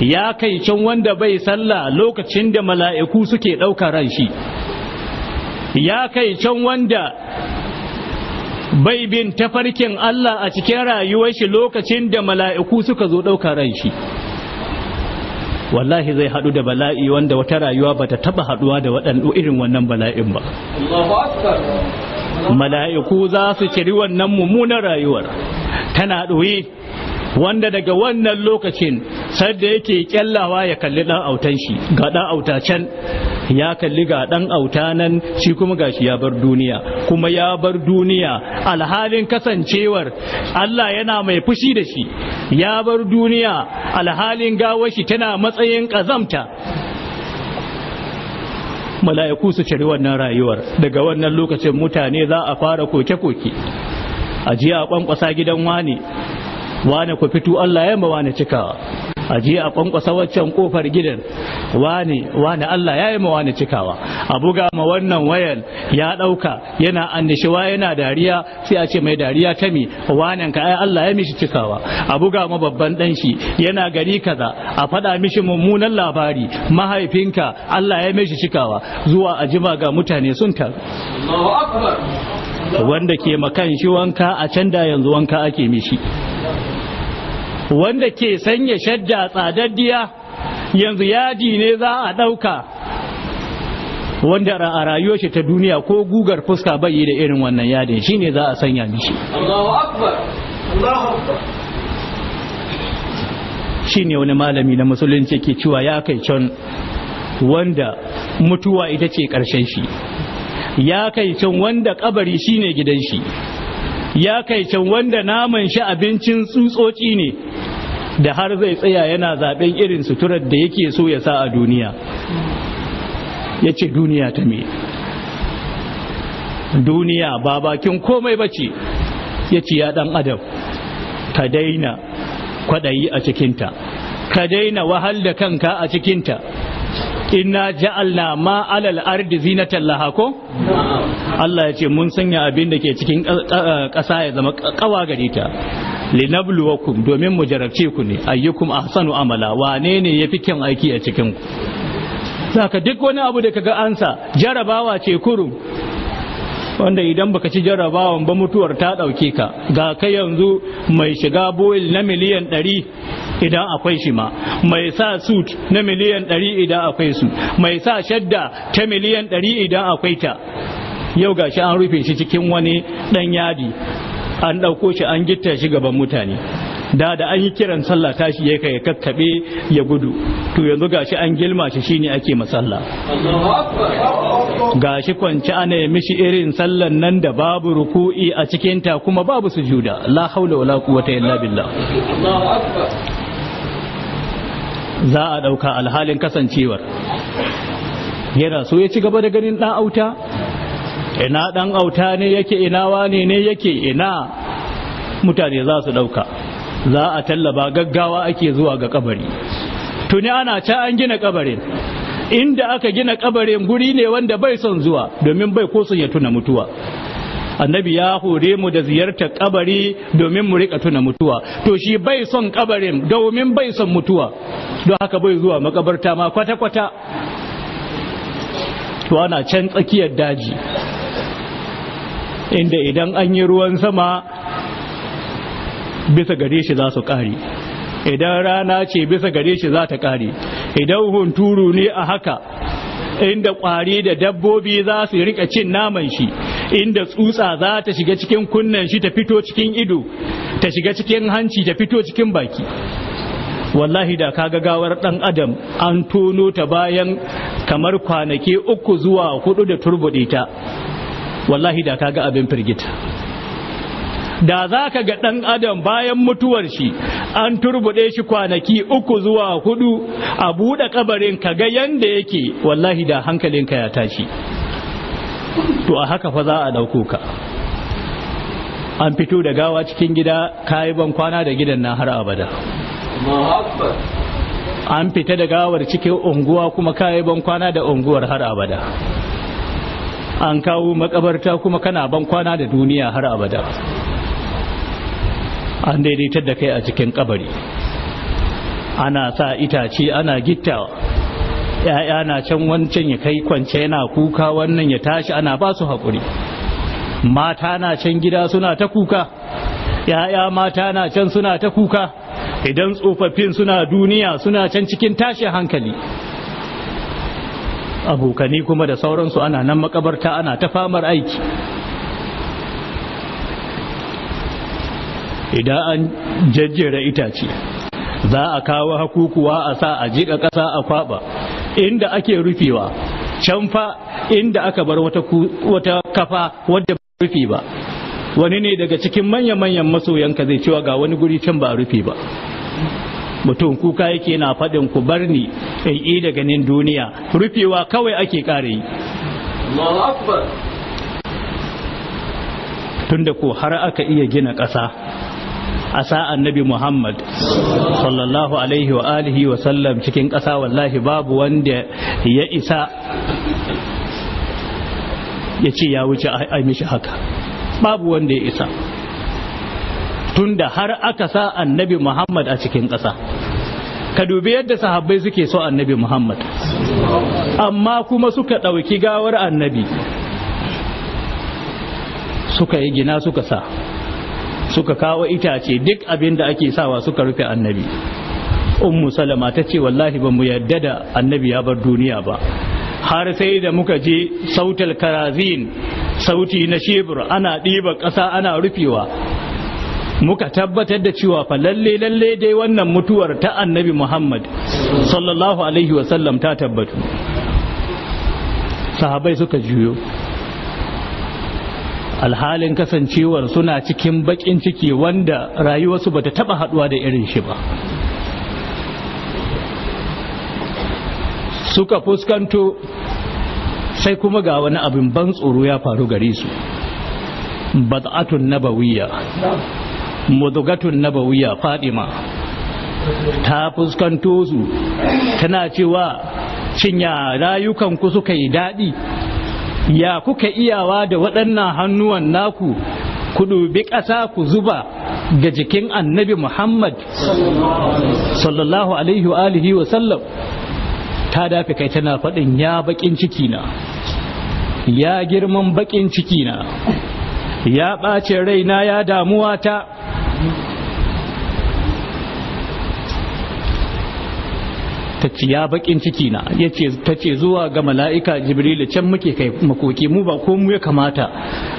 [SPEAKER 1] ya kai can wanda bai sallah lokacin da mala'iku suke ɗauka ran shi ya kai can wanda bai bin tafarkin Allah a cikin rayuwar shi lokacin da mala'iku suka zo ɗauka ran shi wallahi zai haɗu da bala'i wanda wata rayuwa ba ta taɓa haɗuwa da waɗanda irin wannan bala'in ba mala'iku za su kiri wannan mummunar rayuwar tana ɗoye wanda daga wannan lokacin sadda yake kyallawa ya kalli dan autan shi ga dan auta can ya kalli ga dan auta nan shi kuma gashi ya bar duniya kuma ya bar duniya alhalin kasancewar Allah yana mai fushi da shi ya bar duniya alhalin gawar shi tana matsayin kazamta mala'iku su cire wannan rayuwar daga wannan lokacin mutane za a fara koke-koke a jiya a kwankwasa gidan wani wane ku fito Allah ya ma wane cikawa a a kwankwasa waccan kofar gidan wane wane Allah ya yi wane cikawa a buga ma wannan wayan ya ɗauka yana annishiwa yana dariya sai a ce mai dariya ta mi wanen ka ai Allah ya mishi cikawa a buga ma babban dan shi yana gari kaza a faɗa mishi mummunan labari mahaifinka Allah ya mishi cikawa zuwa a jima ga mutane sun taru wanda ke makan shi wanka a can da yanzu wanka ake mishi wanda ke sanya shadda tsadaddiya yanzu yadi ne za a ɗauka wanda a rayuwar shi ta duniya ko gugar fuska bai da irin wannan yadin shi ne za a sanya mishi shi ne wani malami na musulunci ke cewa ya kai can wanda mutuwa ita ce ƙarshen shi ya kai can wanda kabari shine gidan shi ya kai can wanda naman shi abincin tsutsotsi ne da har zai tsaya yana zaben irin suturar da yake so ya sa a duniya ya ce duniya ta me duniya ba bakin komai ba ce ya ce ya dan adam ka daina kwaɗayi a cikinta ka daina wahal da kanka a cikinta inna ja'alna ma alal ardi zinatan laha ko Allah ya ce mun sanya abin da ke cikin ƙasa ya zama kawa gare ta linabluwakum domin mu jarabce ku ne ayyukum ahsanu amala wane ne yafi kyan aiki a cikin ku saka duk wani abu da kaga ansa jarabawa ce kurum wanda idan baka ci jarrabawan ba mutuwar ta ɗauke ka ga ka yanzu mai shiga boil na miliyan ɗari idan akwai shi ma mai sa suit na miliyan ɗari idan akwai su mai sa shadda ta miliyan ɗari idan akwai ta yau gashi an rufe shi cikin wani ɗan yadi an ɗauko shi an gitta shi gaban mutane da da an yi kiran sallah tashi ya kai kakkabe ya gudu to yanzu gashi an gilma shi shine ake masalla gashi kwanci ana yi mishi irin sallan nan da babu ruku'i a cikin ta kuma babu sujuda la haula wala quwwata illa billah za a dauka alhalin kasancewar yana so ya ci gaba da ganin dan auta ina dan auta ne yake ina wane ne yake ina mutane za su dauka za a tallaba gaggawa ake zuwa ga kabari tuni ana ta an gina kabarin inda aka gina kabarin guri ne wanda bai son zuwa domin bai ko son ya tuna mutuwa annabi ya hore mu da ziyartar kabari domin mu rika tuna mutuwa to shi bai son kabarin domin bai son mutuwa don haka bai zuwa makabarta ma kwata-kwata to ana can tsakiyar daji inda idan an yi ruwan sama bisa gare shi za su ƙari idan rana ce bisa gare shi za ta ƙari idan hunturu ne a haka inda ƙwari da dabbobi za su rika cin naman shi inda tsutsa za ta shiga cikin kunnen shi ta fito cikin ido ta shiga cikin hanci ta fito cikin baki wallahi da kaga gawar dan adam an tono ta bayan kamar kwanaki uku zuwa hudu da turbuɗe ta wallahi da kaga abin firgita da za ka ga ɗan adam bayan mutuwar shi an turbuɗe shi kwanaki uku zuwa hudu a buɗe kabarin ka ga yanda yake wallahi da hankalinka ya tashi to a haka fa za a ɗauko ka an fito da gawa cikin gida kayi ban kwana da gidan na har abada an fita da gawar cikin unguwa kuma kayi ban kwana da unguwar har abada an kawo makabarta kuma kana ban kwana da duniya har abada an daidaitar da kai a cikin kabari ana sa itace ana gittawa ‘ya'ya na can wancan ya kai kwance yana kuka wannan ya tashi ana ba su haƙuri mata na can gida suna ta kuka ‘ya'ya mata na can suna ta kuka idan tsofaffin suna duniya suna can cikin tashi hankali abokani kuma da sauransu ana nan makabarta ana ta famar aiki idan an jajjera itace za a kawo hakukuwa a sa a jiƙa ƙasa a kwaba inda ake rufewa can fa inda aka bar wata kafa wadda ba rufe ba wani ne daga cikin manya-manyan masoyanka zai cewa ga wani guri can ba rufe ba mutum kuka yake na faɗin ku bar ni in yi da ganin duniya rufewa kawai ake ƙare yi tunda ko har aka iya gina ƙasa a sa’an nabi Muhammad sallallahu alaihi wa alihi wa sallam cikin ƙasa wallahi babu wanda ya isa ya ce ya wuce a mishi haka babu wanda ya isa Tun da har aka sa nabi Muhammad a cikin ƙasa ka dubi yadda sahabbai suke so annabi Muhammad amma kuma suka ɗauki gawar annabi suka yi gina suka sa suka kawo itace duk abin da ake sawa suka rufe annabi ummu salama ta ce wallahi ba mu yadda da annabi ya bar duniya ba har sai da muka je sautal karazin sauti na shebur ana ɗiba ƙasa ana rufewa muka tabbatar da cewa fa lalle lalle dai wannan mutuwar ta annabi muhammad sallallahu alaihi wasallam ta tabbatu sahabai suka juyo alhalin kasancewar suna cikin baƙin ciki wanda rayuwarsu bata taɓa haɗuwa da irin shi ba suka fuskanto sai kuma ga wani abin ban tsoro ya faru gare su bad'atun nabawiyya mudugatun nabawiyya fadima ta fuskanto su tana cewa cinya rayukanku suka yi daɗi ya kuka iyawa da waɗannan hannuwan naku ku dubi ƙasa ku zuba ga jikin annabi Muhammad sallallahu alaihi wa alihi wa sallam ta dafi kai tana faɗin ya baƙin ciki na ya girman baƙin ciki na ya ɓace raina ya damuwa ta ta ya bakin ciki na yace ta ce zuwa ga mala'ika jibril can muke kai makoki mu ba ko mu ya kamata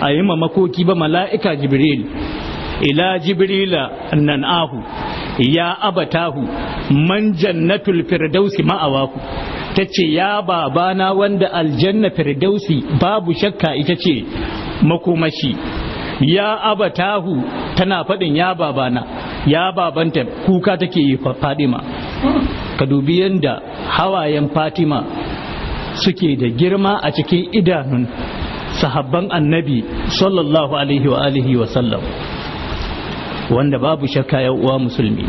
[SPEAKER 1] a yi ma makoki ba mala'ika jibril ila jibrila nan ahu ya abatahu man jannatul firdausi ma'awaku ta ce ya babana wanda aljanna firdausi babu shakka ita ce makomashi ya abatahu tana faɗin ya babana ya babanta kuka take yi fadima ka dubi yadda hawayen fatima suke da girma a cikin idanun sahabban annabi sallallahu alaihi wa alihi wa sallam wanda babu shakka ya uwa musulmi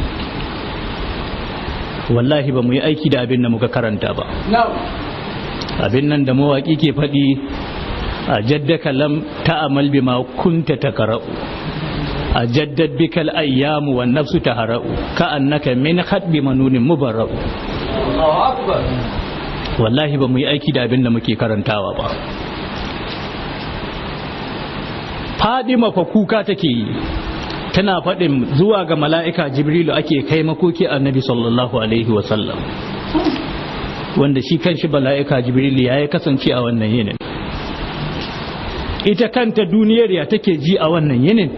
[SPEAKER 1] wallahi ba mu yi aiki da abin da muka karanta ba abin nan da mawaƙi ke faɗi a jaddaka lam ta'amal bima kunta takra'u a jaddad bika al nafsu tahra'u ka'annaka min khatbi manunin mubarra'u Allahu akbar wallahi ba mu yi aiki da abin da muke karantawa ba Fadima fa kuka take yi tana fadin zuwa ga mala'ika Jibrilu ake kai makoki annabi sallallahu alaihi wa sallam wanda shi kanshi mala'ika Jibrilu yayi kasance a wannan yinin. ita kanta duniyar ya take ji a wannan yinin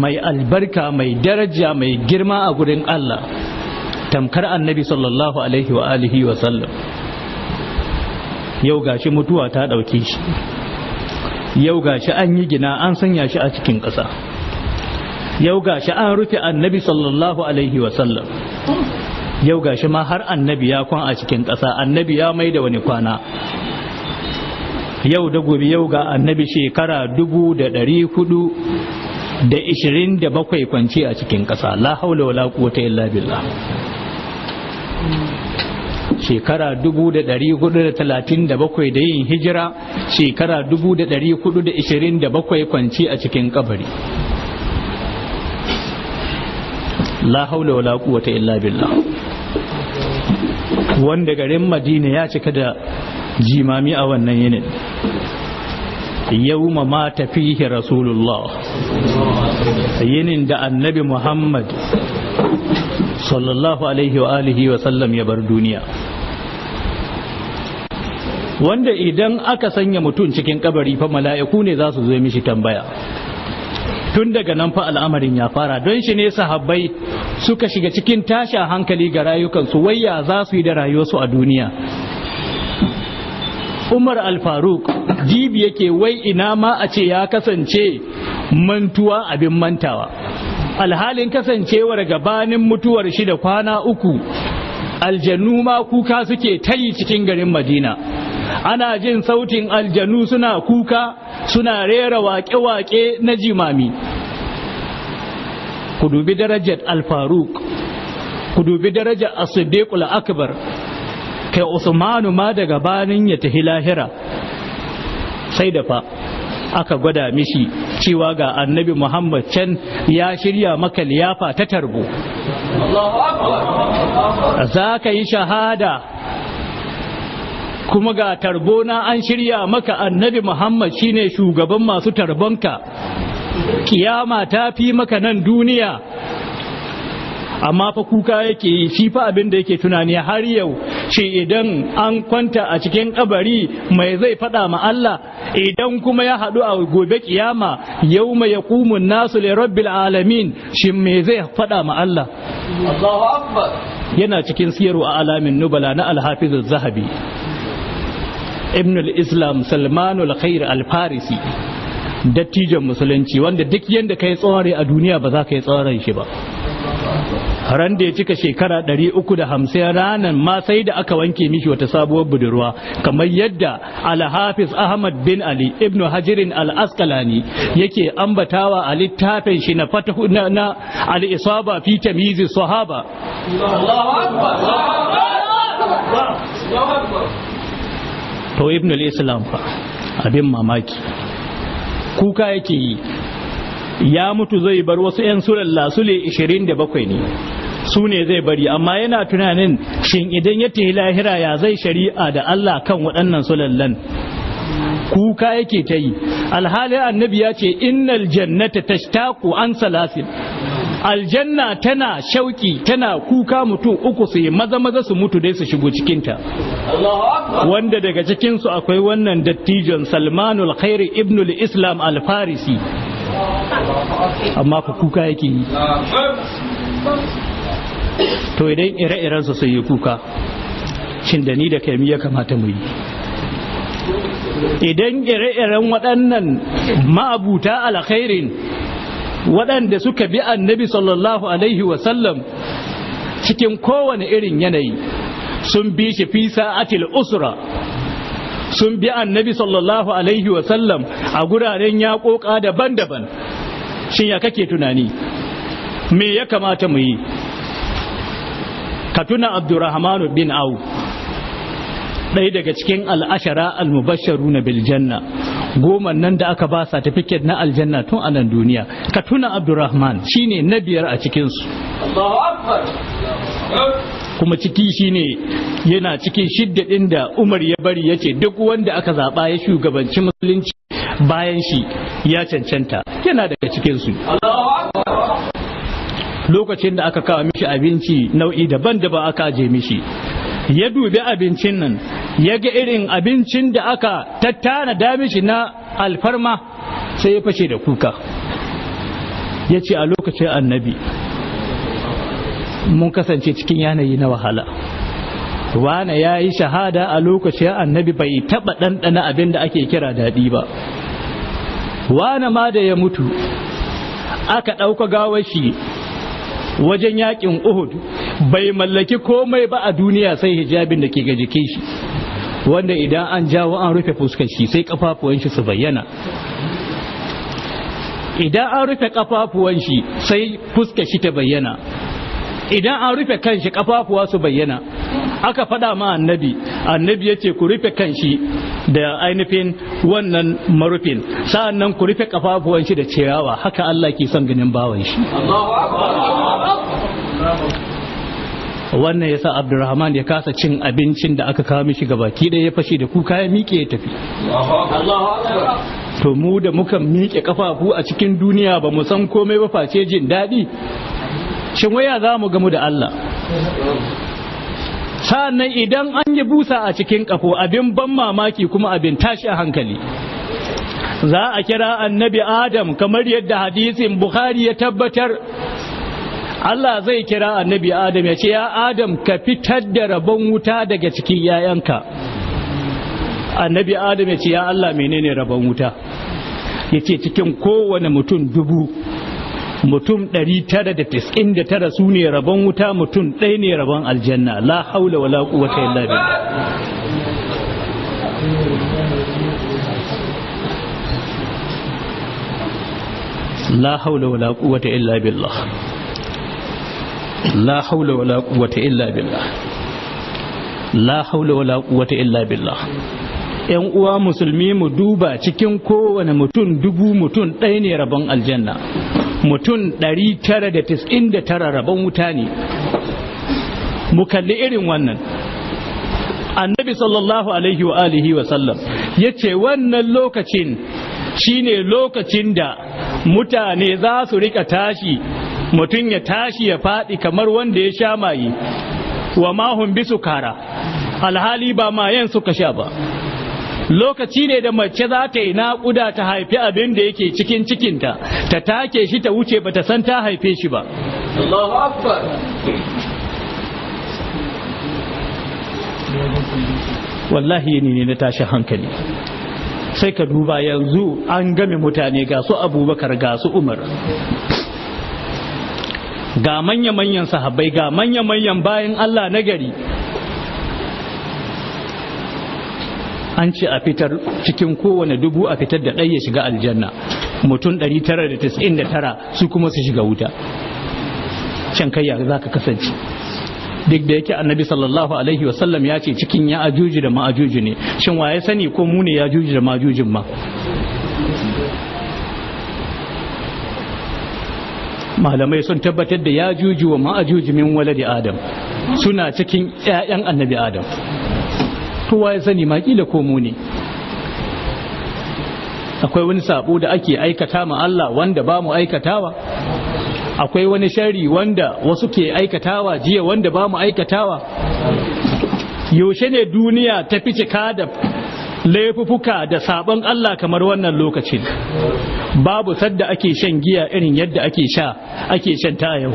[SPEAKER 1] mai albarka mai daraja mai girma a gurin Allah tamkar annabi sallallahu alaihi wa alihi wa sallam yau gashi mutuwa ta ɗauke shi yau gashi an yi gina an sanya shi a cikin ƙasa yau gashi an rufe annabi sallallahu alaihi wa sallam yau gashi ma har annabi ya kwan a cikin ƙasa annabi ya mai da wani kwana yau da gobe yau ga annabi shekara dubu da ɗari hudu da ishirin da bakwai kwanci a cikin ƙasa la haula wala quwwata illa billah shekara dubu da ɗari hudu da talatin da bakwai da yin hijira shekara dubu da ɗari hudu da ishirin da bakwai kwanci a cikin kabari la haula wala quwwata illa billah wanda garin madina ya cika da jimami a wannan yinin yawma mata fihi rasulullah yinin da annabi muhammad sallallahu alaihi wa alihi wa sallam ya bar duniya wanda idan aka sanya mutum cikin kabari fa mala'iku ne za su zo mishi tambaya tun daga nan fa al'amarin ya fara don shi ne sahabbai suka shiga cikin tashin hankali ga rayukansu wayya za su yi da rayuwarsu a duniya umar alfaruk jibi yake wai ina ma a ce ya kasance mantuwa abin mantawa alhalin kasancewar gabanin mutuwar shi da kwana uku aljanu ma kuka suke tayi cikin garin madina ana jin sautin aljanu suna kuka suna rera waƙe-waƙe na jimami ku dubi darajar alfaruk ku dubi darajar asiddiqul akbar kai usmanu ma daga banin ya tafi lahira sai da fa aka gwada mishi cewa ga annabi muhammad can ya shirya maka liyafa ta tarbo za ka yi shahada kuma ga tarbo na an shirya maka annabi muhammad shine shugaban masu tarbonka kiyama ta fi maka nan duniya amma fa kuka yake shi fa abin da yake tunani har yau shi idan an kwanta a cikin kabari mai zai faɗa ma Allah idan kuma ya haɗu a gobe kiyama yauma mai yaqumun nasu li rabbil alamin shi me zai faɗa ma Allah Allahu akbar yana cikin siyaru a alamin nubala na alhafiz zahabi ibn al-islam al khair al-farisi dattijan musulunci wanda duk yadda kai yi a duniya ba za ka yi tsawon shi ba ran da ya cika shekara 350 ranan ma sai da aka wanke mishi wata sabuwar budurwa kamar yadda alhafiz ahmad bin ali ibn hajirin al-asqalani yake ambatawa a littafin shi na fatahu na, na al-isaba fi tamyizi sahaba to ibn al-islam fa abin mamaki kuka yake yi ya mutu zai bar wasu 'yan sulalla sule 27 ne su ne zai bari amma yana tunanin shin idan ya tafi lahira ya zai shari'a da Allah kan waɗannan sulallan kuka yake ta yi alhali annabi ya ce innal jannata tashtaqu an salasin aljanna tana shauki tana kuka mutum uku su yi maza maza su mutu dai su shigo cikinta wanda daga cikinsu akwai wannan dattijon salmanul khairi ibnul islam al-farisi amma ku kuka yake yi to idan ire-irensa sai yi kuka shin da ni da kai ya kamata mu yi idan ire-iren waɗannan ma'abuta alkhairin waɗanda suka bi annabi sallallahu alaihi wasallam cikin kowane irin yanayi sun bi shi fi sa'atil usra sun bi annabi sallallahu alaihi wasallam a guraren yaƙoƙa daban-daban shin ya kake tunani me ya kamata mu yi Katuna tuna bin au ɗaya daga cikin al'ashara al-mubasharu na biljanna goma nan da aka ba satifiket na aljanna tun a nan duniya ka tuna abdurrahman shine na biyar a cikinsu kuma ciki ne yana cikin shidda ɗin da umar ya bari yace duk wanda aka zaɓa ya shugabanci musulunci bayan shi ya cancanta yana daga cikinsu lokacin da aka kawo mishi abinci nau'i daban da ba aka je mishi ya dubi abincin nan ya ga irin abincin da aka tattana damishi na alfarma sai ya fashe da kuka ya ce a lokacin annabi mun kasance cikin yanayi na wahala wane ya yi shahada a lokacin annabi bai taɓa ɗanɗana abin da ake kira daɗi ba wane ma da ya mutu aka ɗauka gawar shi wajen yakin uhud bai mallaki komai ba a duniya sai hijabin da ke ga jikin shi wanda idan an jawo an rufe fuskar shi sai kafafuwan shi su bayyana idan an rufe kafafuwan shi sai fuskar shi ta bayyana idan an rufe kanshi kafafuwa su bayyana aka faɗa ma annabi annabi ya ce ku rufe kanshi da ainihin wannan marufin sa'an nan ku rufe kafafuwan shi da ciyawa haka Allah ke son ganin bawan shi wannan yasa abdurrahman ya kasa cin abincin da aka kawo mishi gabaki ɗaya ya fashe da kuka ya miƙe ya tafi to mu da muka miƙe kafafu a cikin duniya ba mu san komai ba face jin daɗi shin waya za mu gamu da Allah sa'annan idan an yi busa a cikin kafo abin ban mamaki kuma abin tashi a hankali za a kira annabi adam kamar yadda hadisin bukhari ya tabbatar Allah zai kira annabi adam ya ce ya adam ka fitar da rabon wuta daga cikin yayanka annabi adam ya ce ya Allah menene rabon wuta ya ce cikin kowane mutum dubu mutum 999 su ne rabon wuta mutum ɗaya ne rabon aljanna la haula wala quwwata illa billah la haula wala quwwata illa billah la haula wala wata illa billah la haula wala quwwata illa billah yan uwa musulmi mu duba cikin kowane mutum dubu mutum ɗaya ne rabon aljanna mutum 999 rabon wuta ne mu kalli irin wannan annabi sallallahu alaihi wa alihi wa sallam ya ce wannan lokacin shine lokacin da mutane za su rika tashi mutum ya tashi ya faɗi kamar wanda ya sha maye wa mahun bisu kara alhali ba mayan suka sha ba lokaci ne da mace za ta yi naƙuda ta haifi abin da yake cikin cikinta ta take shi ta wuce ba ta san ta haife shi ba wallahi ne na tashi hankali sai ka duba yanzu an game mutane ga su abubakar ga su umar ga manya-manyan sahabbai ga manya-manyan bayan Allah na gari an ce a fitar cikin kowane dubu a fitar da ɗaya shiga aljanna mutum 999 su kuma su shiga wuta can kayya za ka kasance duk da yake annabi sallallahu alaihi wasallam ya ce cikin ya ajuji da ma'ajuji ne shin waye sani ko mu ne ya ajuji da ma'ajujin ma malamai sun tabbatar da ya juji wa ma'ajuji min waladi adam suna cikin 'ya'yan annabi adam kowa ya sani ma kila ko mu ne akwai wani sabo da ake aikata ma Allah wanda ba mu aikatawa akwai wani shari wanda wasu ke aikatawa jiya wanda ba mu aikatawa yaushe ne duniya ta fi cika da laifufuka da sabon Allah kamar wannan lokacin babu sadda ake shan giya irin yadda ake sha ake shan ta yau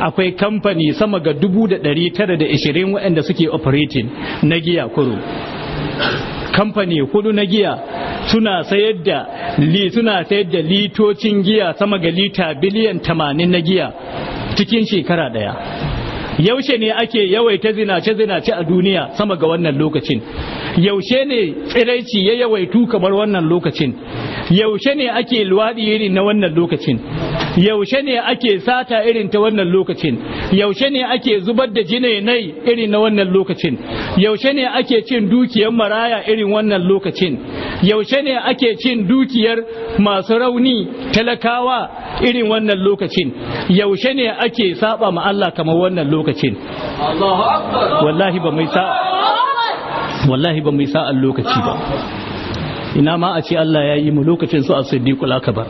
[SPEAKER 1] akwai kamfani sama ga 1920 waɗanda suke operating na giya kuro kamfani hudu na giya suna sayar da li suna sayar da litocin giya sama ga lita biliyan 80 na giya cikin shekara daya yaushe ne ake yawaita zinace zinace a duniya sama ga wannan lokacin yaushe ne tsiraici ya yawaitu kamar wannan lokacin yaushe ne ake luwaɗi iri na wannan lokacin yaushe ne ake sata irin ta wannan lokacin yaushe ne ake zubar da jinai irin na wannan lokacin yaushe ne ake cin dukiyar maraya irin wannan lokacin yaushe ne ake cin dukiyar masu rauni talakawa irin wannan lokacin yaushe ne ake saba ma Allah kamar wannan lokacin wallahi ba mai sa wallahi ba mai sa'an lokaci ba ina ma a ce Allah ya yi mu lokacin su a siddiqul akbar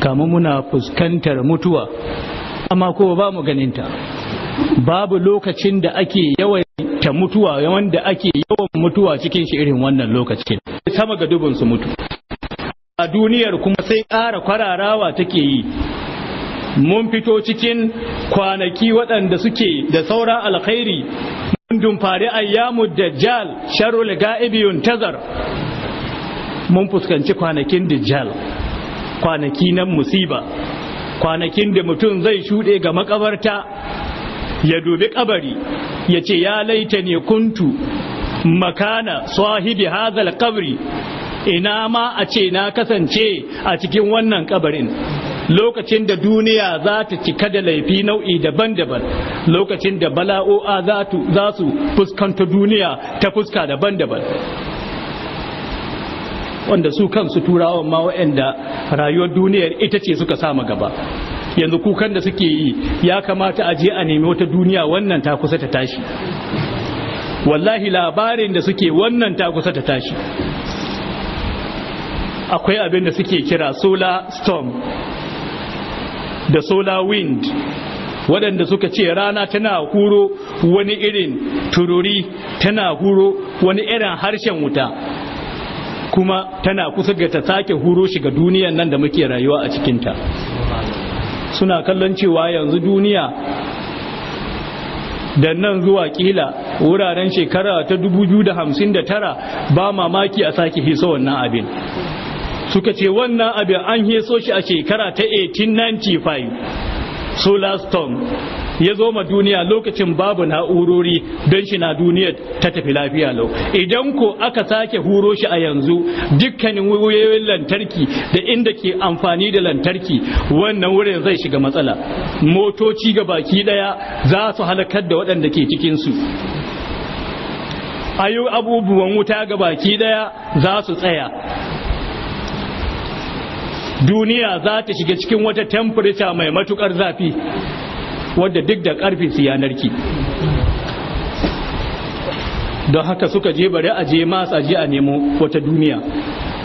[SPEAKER 1] kama muna fuskantar mutuwa amma ko ba mu ganinta babu lokacin da ake yawaita mutuwa wanda ake yawan mutuwa cikin shi irin wannan lokacin sama ga dubin su mutu a duniyar kuma sai ƙara kwararawa take yi mun fito cikin kwanaki waɗanda suke da saura alkhairi mun dumfari ayyamu dajjal sharul ga'ibiyun tazar mun fuskanci kwanakin dijjal kwanaki nan musiba kwanakin da mutum zai shuɗe ga makabarta ya dubi kabari ya ce ya laita ne kuntu makana sahibi hazal kabri ina ma a ce na kasance a cikin wannan kabarin lokacin da duniya za ta cika da laifi nau'i daban-daban lokacin da bala'o'a za su fuskanta duniya ta fuska daban-daban wanda su kansu turawa ma waɗanda rayuwar duniyar ita ce suka sama gaba yanzu kukan da suke yi ya kamata a je a nemi wata duniya wannan ta kusa ta tashi wallahi labarin da suke wannan ta kusa ta tashi akwai abin da suke kira solar storm da solar wind waɗanda suka ce rana tana huro wani irin tururi tana huro wani irin harshen wuta kuma tana kusa ga ta sake huro shi ga duniyan nan da muke rayuwa a cikinta suna kallon cewa yanzu duniya da nan zuwa kila wuraren shekara ta 2059 ba mamaki a sake hiso wannan abin suka ce wannan abin an hiso shi a shekara ta 1895 solar storm ya zo ma duniya lokacin babu na'urori don shi na duniyar ta tafi lafiya lau idan ko aka sake huro shi a yanzu dukkanin wuyoyin lantarki da inda ke amfani da lantarki wannan wurin zai shiga matsala motoci ga baki daya za su halakar da waɗanda ke cikinsu ayu abubuwan wuta ga baki daya za su tsaya duniya za ta shiga cikin wata temperature mai matukar zafi wadda duk da karfin su yanarki don haka suka je bari a je masu a nemo wata duniya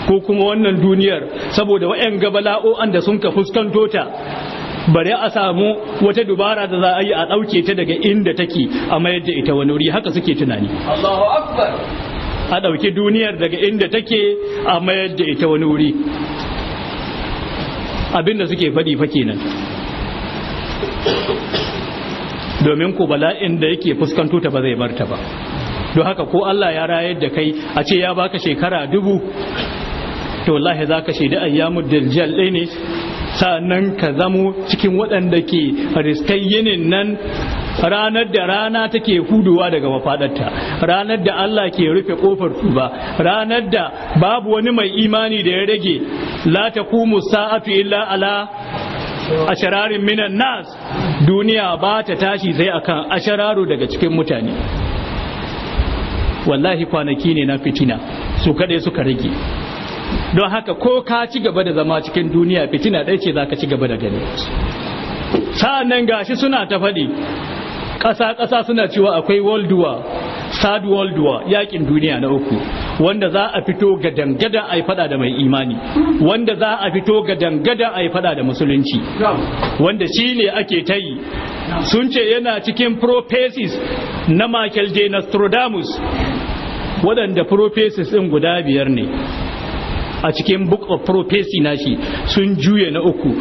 [SPEAKER 1] ko kuma wannan duniyar saboda wa'yan gabala'o'an da sun ka fuskanto ta bari a samu wata dubara da za a yi a ɗauke ta daga inda take a mayar da ita wani wuri haka suke tunani a ɗauki duniyar daga inda take a mayar da ita wani wuri abinda suke faɗi fa kenan domin ku bala'in da yake fuskanto ta ba zai bar ta ba don haka ko Allah ya rayar da kai a ce ya baka shekara dubu to wallahi za ka shaida ayyamu daljal ɗai ne sanan ka zamo cikin waɗanda ke riskai yinin nan ranar da rana take huduwa daga mafaɗarta ranar da Allah ke rufe ƙofar ba ranar da babu wani mai imani da ya rage la taqumu sa'atu illa ala ashararin minan nas duniya ba ta tashi sai akan ashararu daga cikin mutane wallahi kwanaki ne na fitina su kaɗai suka rage don haka ko ka ci gaba da zama cikin duniya fitina ɗaya ce za ka ci gaba da gani sa'an nan gashi suna ta faɗi ƙasa-ƙasa suna cewa akwai world war third world war yakin duniya na uku wanda za a fito ga dangada a fada da mai imani wanda za a fito ga dangada a fada da musulunci wanda shi ne ake ta yi sun ce yana cikin prophecies na Michael J. Nostradamus waɗanda prophecies ɗin guda biyar ne a cikin book of prophecy shi sun juye na uku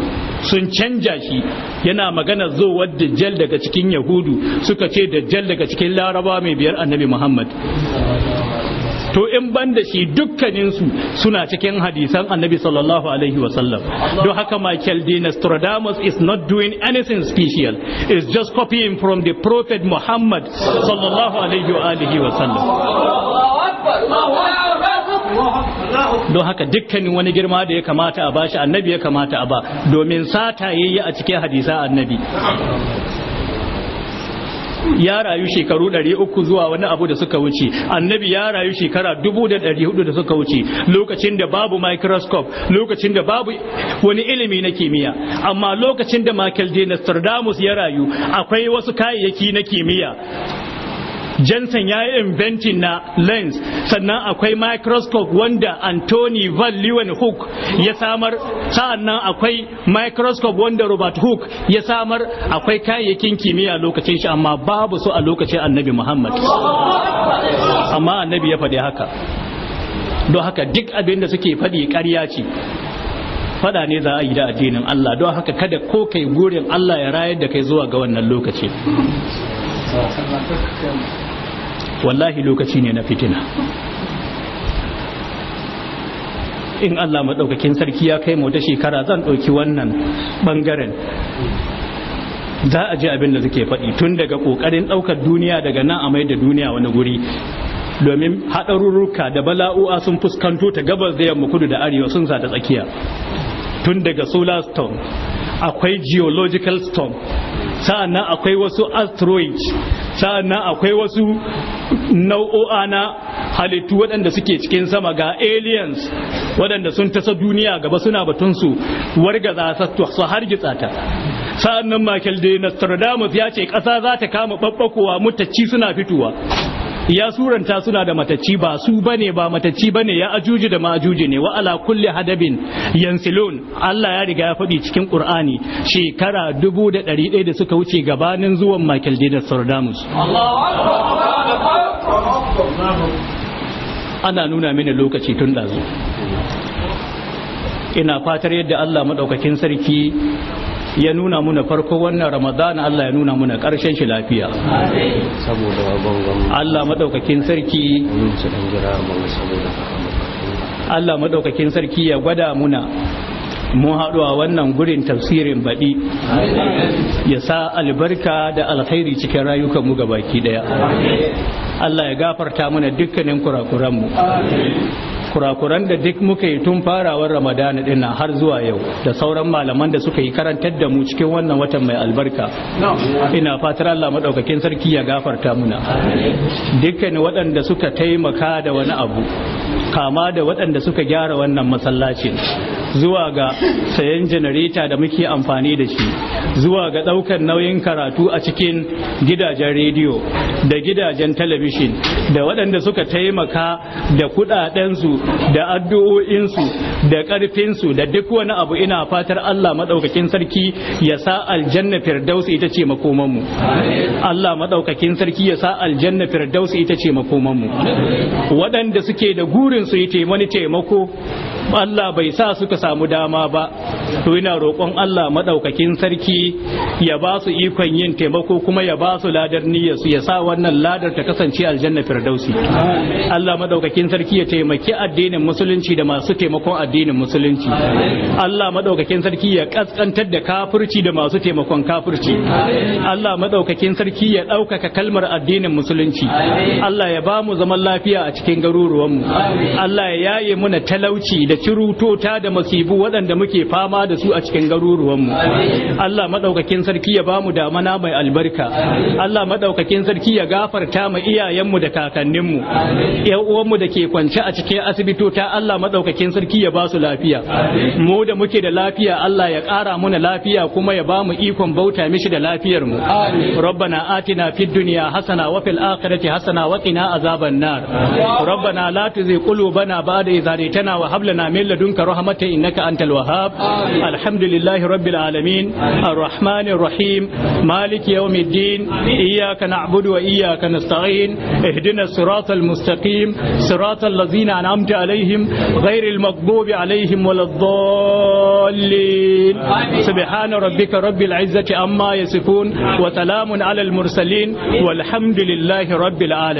[SPEAKER 1] sun canja shi yana magana zowar Jal daga cikin yahudu suka ce da Jal daga cikin laraba mai biyar annabi muhammad to in ban da shi dukkaninsu suna cikin hadisan annabi sallallahu alaihi wasallam don haka michael d nostradamus is not doing anything special is just copying from the prophet muhammad sallallahu alaihi wa alihi wasallam don haka dukkanin wani girma da ya kamata a bashi annabi ya kamata a ba domin sata yi a cikin hadisa annabi ya rayu shekaru 300 zuwa wani abu da suka wuce annabi ya rayu shekara dubu da suka wuce lokacin da babu microscope lokacin da babu wani ilimi na kimiyya amma lokacin da Michael J. Nostradamus ya rayu akwai wasu kayayyaki na kimiyya jensen ya yi inventin na lens sannan akwai microscope wanda Anthony Van Leeuwenhoek ya samar sa'annan akwai microscope wanda Robert Hooke ya samar akwai kayayyakin kimiyya lokacin shi amma babu su a lokacin Annabi Muhammad amma Annabi ya faɗi haka don haka duk abin da suke faɗi ƙarya ce fada ne za a yi da addinin Allah don haka kada ko kai gurin Allah ya rayar da kai zuwa ga wannan lokaci wallahi lokaci ne na fitina in Allah maɗaukakin sarki ya kai mu ta shekara zan ɗauki wannan ɓangaren za a ji abin da suke faɗi tun daga ƙoƙarin ɗaukar duniya daga nan a mai da duniya wani guri domin haɗarurruka da bala'u'a sun fuskanto ta gabas da yamma kudu da arewa sun sa ta tsakiya tun daga solar storm akwai geological storm sa'annan akwai wasu asteroids sa'an akwai wasu nau'o'a na halittu waɗanda suke cikin sama ga aliens waɗanda sun tasa duniya gaba suna batunsu za su hargitsa ta sa'an nan michael de nostradamus ya ce ƙasa za ta kama ɓaɓɓakowa mutacci suna fitowa ya suranta suna da matacci ba su bane ba matacci bane ya ajuji da majuji ne wa ala kulli hadabin yansilun Allah ya riga ya faɗi cikin Qur'ani shekara dubu da ɗari ɗaya da suka wuce gabanin zuwan Michael sordamus da akbar ana nuna mini lokaci tun ɗazu ina fatar yadda Allah madaukakin sarki ya nuna muna farko wannan ramadana Allah ya nuna muna karshen shi lafiya Allah madaukakin sarki Allah madaukakin sarki ya gwada muna mun haɗu a wannan gurin tafsirin baɗi ya sa albarka da alkhairi cikin rayukanmu ga baki ɗaya Allah ya gafarta mana dukkanin kurakuranmu kurakuran da duk muka yi tun farawar ramadana din har zuwa yau da sauran malaman da suka yi karantar da mu cikin wannan watan mai albarka ina fatar Allah madaukakin sarki ya gafarta muna dukkan waɗanda suka taimaka da wani abu kama da waɗanda suka gyara wannan masallacin zuwa ga sayan janareta da muke amfani da shi zuwa ga ɗaukar nauyin karatu a cikin gidajen rediyo da gidajen talabishin da waɗanda suka taimaka da kuɗaɗensu da addu'o'insu da ƙarfinsu da duk wani abu ina fatar Allah maɗaukakin sarki ya sa aljanna firdausi ita ce makomanmu Allah maɗaukakin sarki ya sa aljanna firdausi ita ce makomanmu waɗanda suke da gurin su yi taimako Allah bai sa suka samu dama ba to ina roƙon Allah madaukakin sarki ya ba su ikon yin taimako kuma ya ba su ladar niyya su ya sa wannan ladar ta kasance aljanna firdausi Allah madaukakin sarki ya taimaki addinin musulunci da masu taimakon addinin musulunci Allah madaukakin sarki ya kaskantar da kafirci da masu taimakon kafirci Allah madaukakin sarki ya ɗaukaka kalmar addinin musulunci Allah ya ba mu zaman lafiya a cikin garuruwanmu Allah ya yaye muna talauci da cirutota da musibu waɗanda muke fama da su a cikin garuruwanmu Allah maɗaukakin sarki ya bamu damana mai albarka Allah maɗaukakin sarki ya gafarta ma iyayenmu da kakanninmu ƴan uwanmu da ke kwance a cikin ta Allah maɗaukakin sarki ya ba su lafiya mu da muke da lafiya Allah ya ƙara muna lafiya kuma ya bamu ikon bauta mishi da lafiyar mu rabbana atina fid dunya hasana wa fil akhirati hasana wa qina azaban nar rabbana la tuzigh qulubana ba'da idh tana wa hab lana min ladunka rahmatan إنك أنت الوهاب آمين. الحمد لله رب العالمين آمين. الرحمن الرحيم مالك يوم الدين آمين. إياك نعبد وإياك نستعين اهدنا الصراط المستقيم صراط الذين أنعمت عليهم غير المغضوب عليهم ولا الضالين سبحان ربك رب العزة عما يصفون وسلام على المرسلين والحمد لله رب العالمين